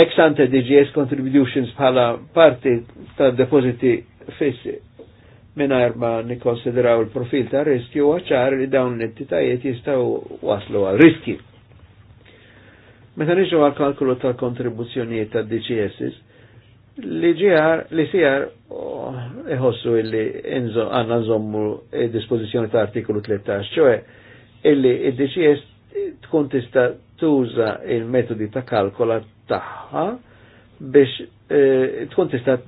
ex ante DGS contributions bħala parti ta' depositi fissi minar ma nikonsideraw il-profil ta' riskju għacċar li dawn l-entitajiet jistaw waslu għal riski. Meta nġu għal kalkulu ta' kontribuzzjonijiet ta' DGS li ġiħar, li sijar iħossu illi għanna nżommu dispozizjoni ta' artikolu 13, ċoħe illi id-DCS tkun tista tuża il-metodi ta' kalkola taħħa biex eh, tkun tista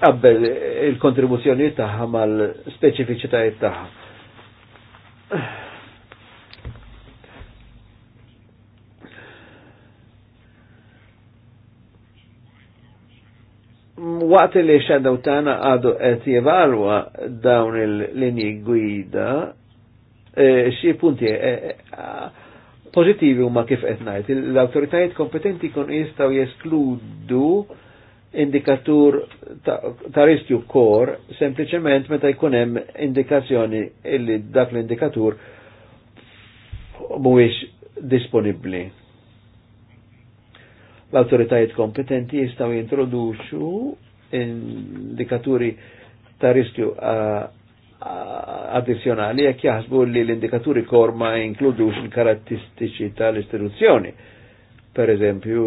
tqabbel il-kontribuzzjoni taħħa mal-speċifiċitajiet taħħa. Waqt li xadow tana għadu qed jevalwa dawn il-linji gwida, xie xi punti e, e, pozitivi huma kif qed ngħid. L-awtoritajiet kompetenti kon jistgħu jeskludu indikatur ta', ta kor sempliċement meta jkun hemm indikazzjoni illi dak l-indikatur mhuwiex disponibbli. L-awtoritajiet kompetenti jistgħu jintroduċu indikaturi ta' rischju addizjonali jekk jaħsbu li l-indikaturi kor ma jinkludux il-karattistiċi tal-istituzzjoni. Per eżempju,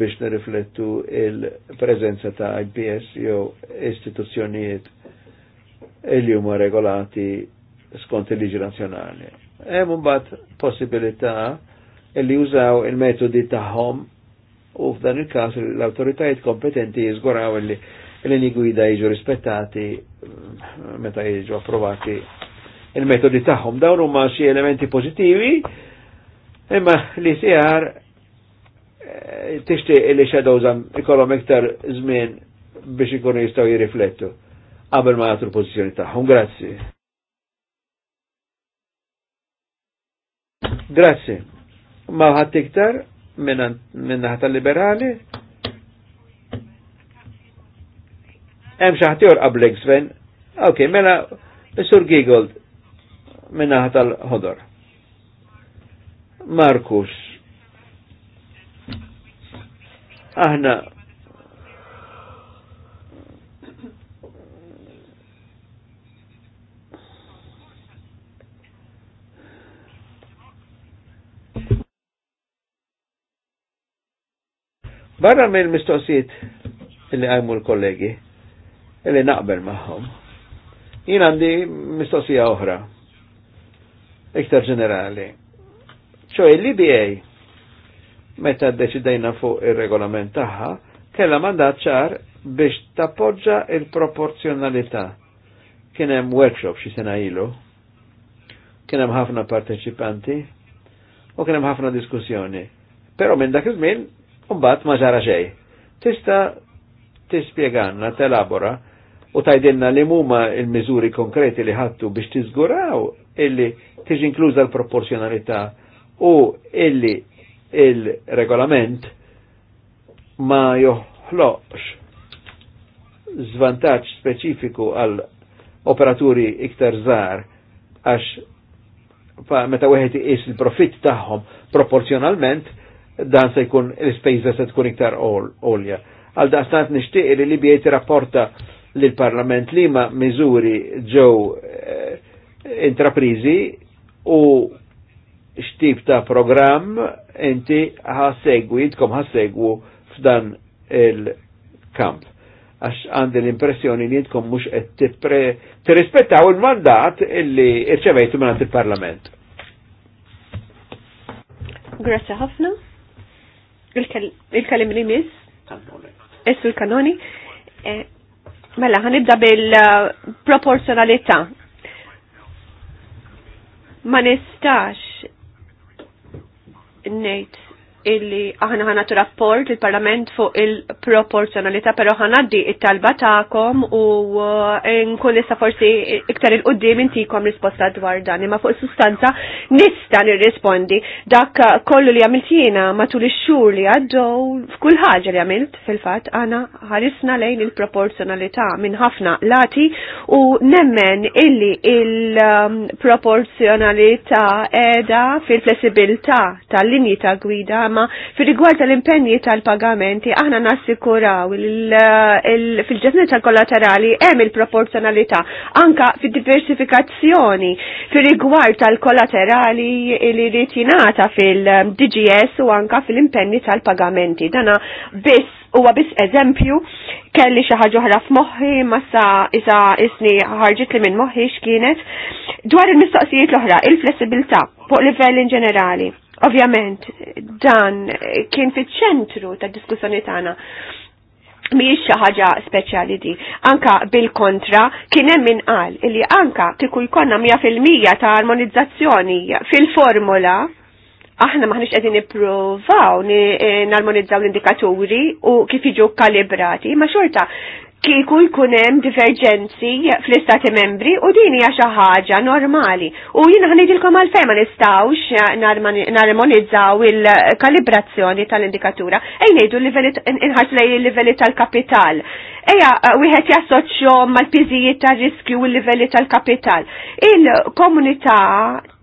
biex nirriflettu il preżenza ta' IPS jew istituzzjonijiet li huma regolati skont il-liġi nazjonali. Hemm mbagħad possibilità li użaw il-metodi tagħhom u f'dan il-każ l-autoritajiet kompetenti jizguraw li l inni gwida jiġu rispettati mm, meta jiġu approvati il-metodi tagħhom. Dawn huma xi elementi pożittivi, imma li sijar eh, tixtieq li xedawżam ikollhom iktar żmien biex ikunu jistgħu jirriflettu qabel ma jagħtu l-pożizzjoni tagħhom. Grazzi. Grazzi. Ma ħadd iktar? minnaħta liberali Hemm xi ħadd qablek Sven. Ok, mela Sur Gigold minnaħa tal-ħodor. Markus. Aħna Barra minn mistoqsijiet li għajmu l-kollegi, li naqbel maħħom. jina għandi mistoqsija oħra, iktar ġenerali. ċo l-IBA, meta deċidajna fuq il-regolament taħħa, kella mandat ċar biex tappoġġa il-proporzjonalità. Kienem workshop xi sena ilu, kienem ħafna parteċipanti u kienem ħafna diskussjoni. Pero minn dak iż-żmien Umbat ma ġara ġej. Tista tispieganna, telabora u tajdinna li muma il-mizuri konkreti li ħattu biex tiżguraw illi tiġi inkluża l-proporzjonalità u illi il-regolament ma joħloqx zvantaġġ speċifiku għal operaturi iktar żgħar għax meta wieħed iqis il-profitt tagħhom proporzjonalment dan se jkun l-ispejza se tkun iktar olja. Għal daqstant nishtiq li Libja rapporta l-Parlament li ma miżuri ġew eh, intraprizi u xtib ta' program inti ħasegwi intkom ħassegwu f'dan il-kamp. Għax għandi l-impressjoni li intkom mux qed tirrispettaw il-mandat illi irċevejtu minn il-Parlament. Grazie ħafna il-kalim li mis, essu il-kanoni, eh, mela ħanibda bil-proporzjonalità. Ma nistax nejt illi aħna ħanatu rapport il-Parlament fuq il-proporzjonalità, però ħanaddi il talba ta'kom u eh, nkun issa forsi iktar il-qoddim intikom risposta dwar dan, imma fuq sustanza nista nirrispondi dak kollu li għamilt jiena matul ix-xhur li għaddew f'kull ħaġa li għamilt fil-fatt għana ħarisna lejn il-proporzjonalità minn ħafna lati u nemmen illi il-proporzjonalità edha fil-flessibilità tal-linji ta' gwida imma fir rigward tal-impenji tal-pagamenti aħna nassikuraw fil-ġestjoni tal-kollaterali hemm il-proporzjonalità anka fid-diversifikazzjoni fir rigward tal-kollaterali li ritinata jingħata fil-DGS u anka fil-impenji tal-pagamenti. Dana biss huwa biss eżempju kelli xi ħaġa oħra f'moħħi ma sa isa isni ħarġit li minn moħħi x'kienet dwar il-mistoqsijiet l-oħra, il-flessibilità fuq livell in ġenerali. Ovvjament, dan kien fiċ-ċentru ta' diskussjoni tagħna Mi xi ħaġa speċjali di. Anka bil-kontra kien hemm min qal illi anka kieku jkollna 100% ta' armonizzazzjoni fil-formula aħna maħniex qegħdin nippruvaw eh, narmonizzaw l-indikaturi u kif jiġu kalibrati, ma xorta kieku jkun hemm diverġenzi fl-istati membri u din hija xi ħaġa normali. U jien ħanidilkom għalfejn ma nistgħux narmonizzaw il-kalibrazzjoni tal-indikatura. Ej ngħidu inħarsu lej il-livelli tal-kapital. Eja, uh, wieħed jassoċjom mal-piżijiet tar-riskju u l-livelli tal-kapital. Il-komunità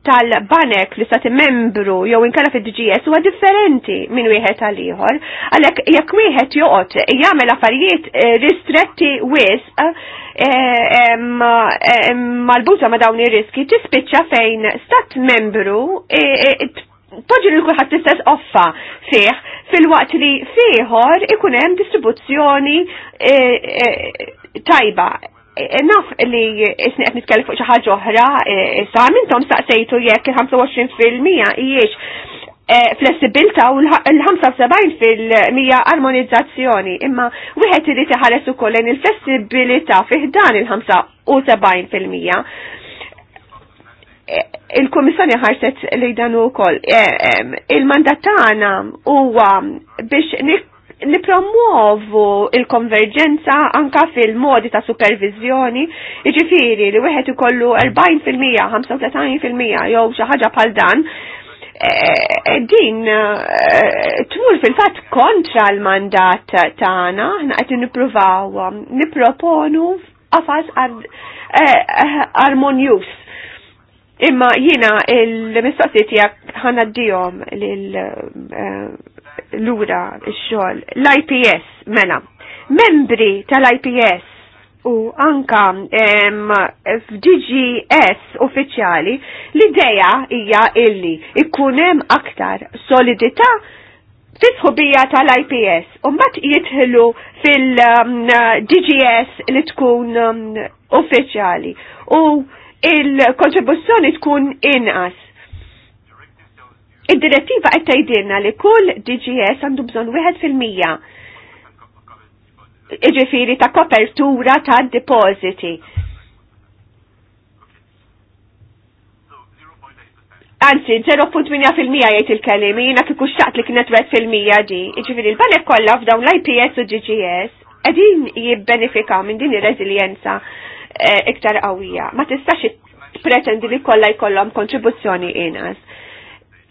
tal-banek li stati membru jew inkella fil dgs huwa differenti minn wieħed għal ieħor. Għalhekk jekk wieħed joqgħod jagħmel affarijiet eh, ristretti wisq eh, eh, malbuta ma' dawn ir-riski tispiċċa fejn stat membru toġi li kulħadd istess offa fih fil-waqt li fieħor ikun hemm distribuzzjoni tajba naf li isni qed nitkellem fuq xi ħaġa oħra, e, sa minnhom staqsejtu jekk il-25% hijiex e, flessibilta u l-75 fil-mija armonizzazzjoni. Imma wieħed li tiħares ukoll lejn il-flessibilità fih dan il-75 fil-mija. E, Il-Kummissjoni ħarset li dan ukoll. Il-mandat tagħna huwa biex promuovu il-konverġenza anka fil-modi ta' supervizjoni, iġifiri li wieħed ikollu 40%, 35% jew xi ħaġa bħal dan, e, e, din e, tmur fil-fatt kontra l-mandat tagħna, ħna qed nippruvaw nipproponu qafas armonjus. Imma jina il mistoqsijiet tiegħek ħanaddihom lil lura x-xogħol. L-IPS mela. Membri tal-IPS u anka f'GGS uffiċjali l-ideja hija illi ikun hemm aktar solidità fis-ħubija tal-IPS u mbagħad jidħlu fil-DGS li tkun uffiċjali u il-kontribuzzjoni tkun inqas Id-direttiva qed tgħidilna li kull DGS għandu bżonn wieħed fil-mija iġifiri ta' kopertura ta' depositi. Anzi, 0.8% jgħid il-kelim, jina kiku xaqt li kienet 1% di. Iġifiri, l-banek kollha f'dawn l-IPS u DGS qegħdin jibbenefika minn din ir-reżiljenza eh, iktar qawwija. Ma tistax pretendi li kolla jkollhom kontribuzzjoni inqas.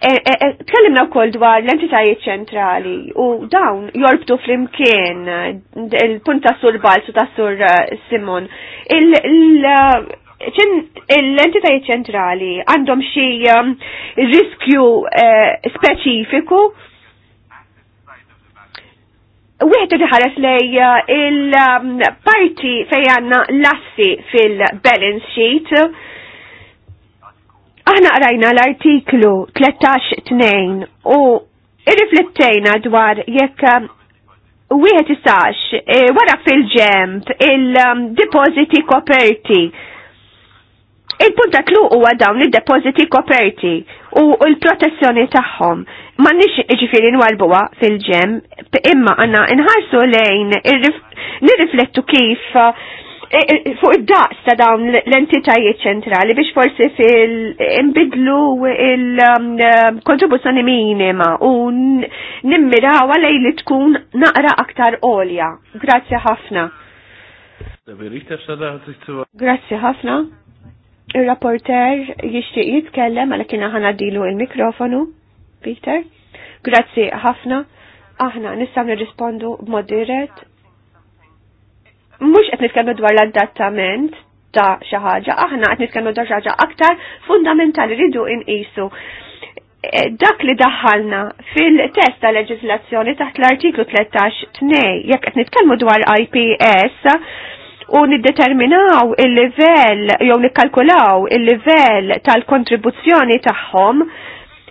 Eh, eh, eh, tkellimna wkoll dwar l-entitajiet ċentrali u dawn jorbtu flimkien il-punt ta' sur u ta' sur Simon. L-entitajiet ċentrali għandhom xi riskju speċifiku Wieħed iħares ħares lej il-parti fejn għandna lassi fil-balance sheet Aħna qrajna l-artiklu 13 13-2 u irriflettejna dwar jekk um, wieħed isax e, wara fil-ġemp il-depositi koperti. Il-punta tlu huwa dawn id-depositi koperti u l-protezzjoni tagħhom. Ma nix iġifieri nwalbuha fil-ġemp imma għandna nħarsu lejn nirriflettu kif Eh, eh, fuq id-daqs ta' dawn l-entitajiet ċentrali biex forsi fil-imbidlu il-kontribuzzjoni um, um, minima u nimmira għalaj li tkun naqra aktar olja. Grazzi ħafna. Grazzi ħafna. Il-rapporter jixtieq jitkellem għal kien ħana dilu il-mikrofonu. Peter. Grazzi ħafna. Aħna nistgħu nirrispondu b'mod dirett mhux qed nitkellmu dwar l-adattament ta' xi ħaġa, aħna qed nitkellmu dwar xi ħaġa aktar fundamentali ridu inqisu e, dak li daħħalna fil-test ta' leġislazzjoni taħt l-artiklu 13.2 jekk qed nitkellmu dwar IPS u niddeterminaw il-livell jew nikkalkulaw il-livell tal-kontribuzzjoni tagħhom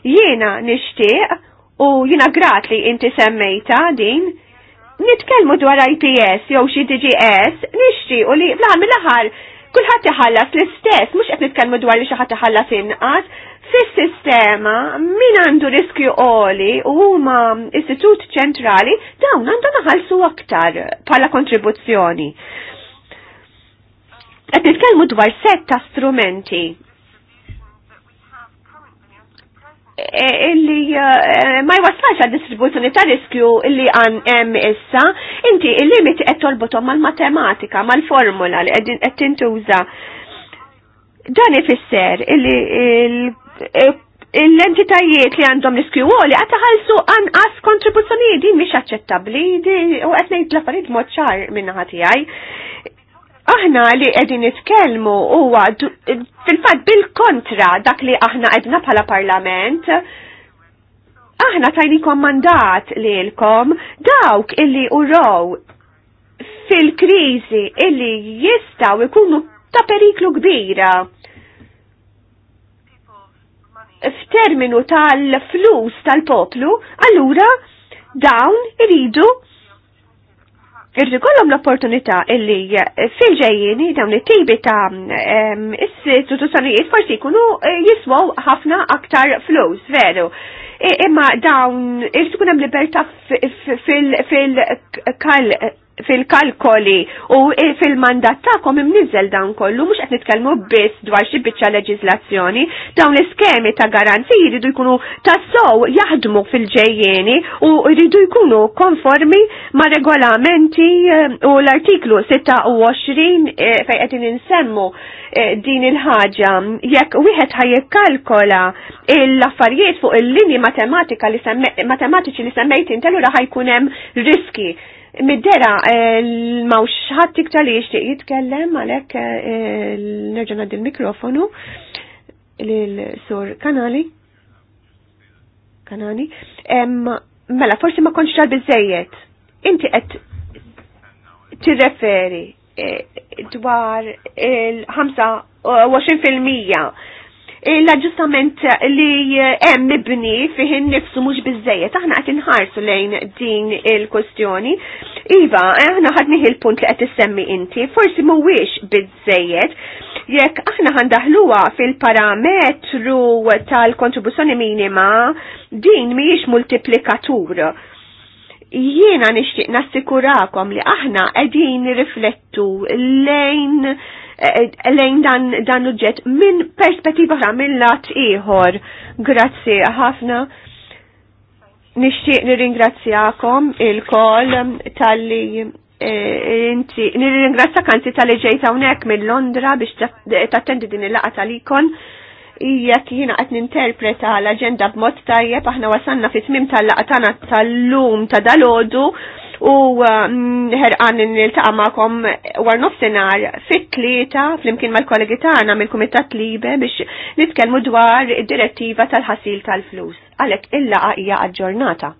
jiena nixtieq u jiena grat li inti semmejta din nitkellmu dwar IPS jew xi DGS u li fl-aħħar mill-aħħar kulħadd iħallas l-istess, mhux qed nitkellmu dwar li xi ħadd iħallas inqas. Fis-sistema min għandu riskju qoli u huma istitut ċentrali dawn għandhom iħallsu aktar bħala kontribuzzjoni. Qed nitkellmu dwar setta ta' strumenti Eh, illi eh, ma jwassalx għad distribuzzjoni ta' riskju illi għan hemm issa, inti il-limiti qed tolbotom mal-matematika, mal-formula li qed tintuża. Dan ifisser illi eh, l-entitajiet li għandhom riskju għoli li ħalsu anqas kontribuzzjonijiet din mhix aċċettabbli u qed ngħid l-affarijiet mod ċar minn ħati aħna li qegħdin nitkellmu huwa fil-fatt bil-kontra dak li aħna edna bħala parlament. Aħna tajnikom mandat lilkom dawk illi uraw fil-kriżi illi jistaw ikunu ta' periklu kbira f'terminu tal-flus tal-poplu, allura dawn iridu irri kollom l-opportunità illi eh, fil-ġejjini dawn it-tibi ta' istituzzjonijiet forsi jkunu eh, jiswaw ħafna aktar flus, veru. Imma dawn irri tkun hemm libertà fil-kal fil-kalkoli u fil-mandat ta'kom imnizzel dan kollu, mux għet nitkelmu biss dwar xi biċċa leġizlazzjoni, dawn l-iskemi ta' garanzi jridu jkunu sow jaħdmu fil-ġejjeni u jridu jkunu konformi ma' regolamenti eh, u l-artiklu 26 eh, fej qed insemmu eh, din il-ħaġa jekk wieħed ħajjekkalkola l-affarijiet fuq il-linji matematika li matematiċi li semmejt intellu ra ħajkun hemm riski Middera, eh, mawx ħadd iktar li jixtieq jitkellem għalhekk eh, nerġa' ngħaddi l-mikrofonu lil-sur Kanali. Kanani. Mela, forsi ma konċ ċar biżejjed. Inti qed tirreferi eh, dwar il-25% l-aġġustament li eh, hemm mibni fih innifsu mhux biżejjed aħna qed inħarsu lejn din il-kwestjoni. Iva, eh, aħna ħad il-punt li qed issemmi inti, forsi mhuwiex biżejjed jekk aħna ħandaħluha fil-parametru tal-kontribuzzjoni minima din mhijiex multiplikatur. Jiena nixtieq nassikurakom li aħna qegħdin nirriflettu lejn Eh, lejn dan, dan l-ġet minn perspettiva ħra, minn lat ieħor. Grazzi ħafna. Nixtieq nirringrazzjakom il-kol tal-li eh, inti nirringrazzja kanti tal-li ġejt hawnhekk minn Londra biex tattendi din il-laqa tal-ikon. Jekk jiena qed ninterpreta l agenda b'mod tajjeb aħna wasanna fit tmim tal-laqatana tal-lum ta' dalodu u uh, ħerqan nil-taqa maqom war nofsenar fit-tlieta fl-imkien mal-kollegi tagħna mill-Kumitat Libe biex nitkellmu dwar id-direttiva tal-ħasil tal-flus. Għalhekk il-laqa hija aġġornata.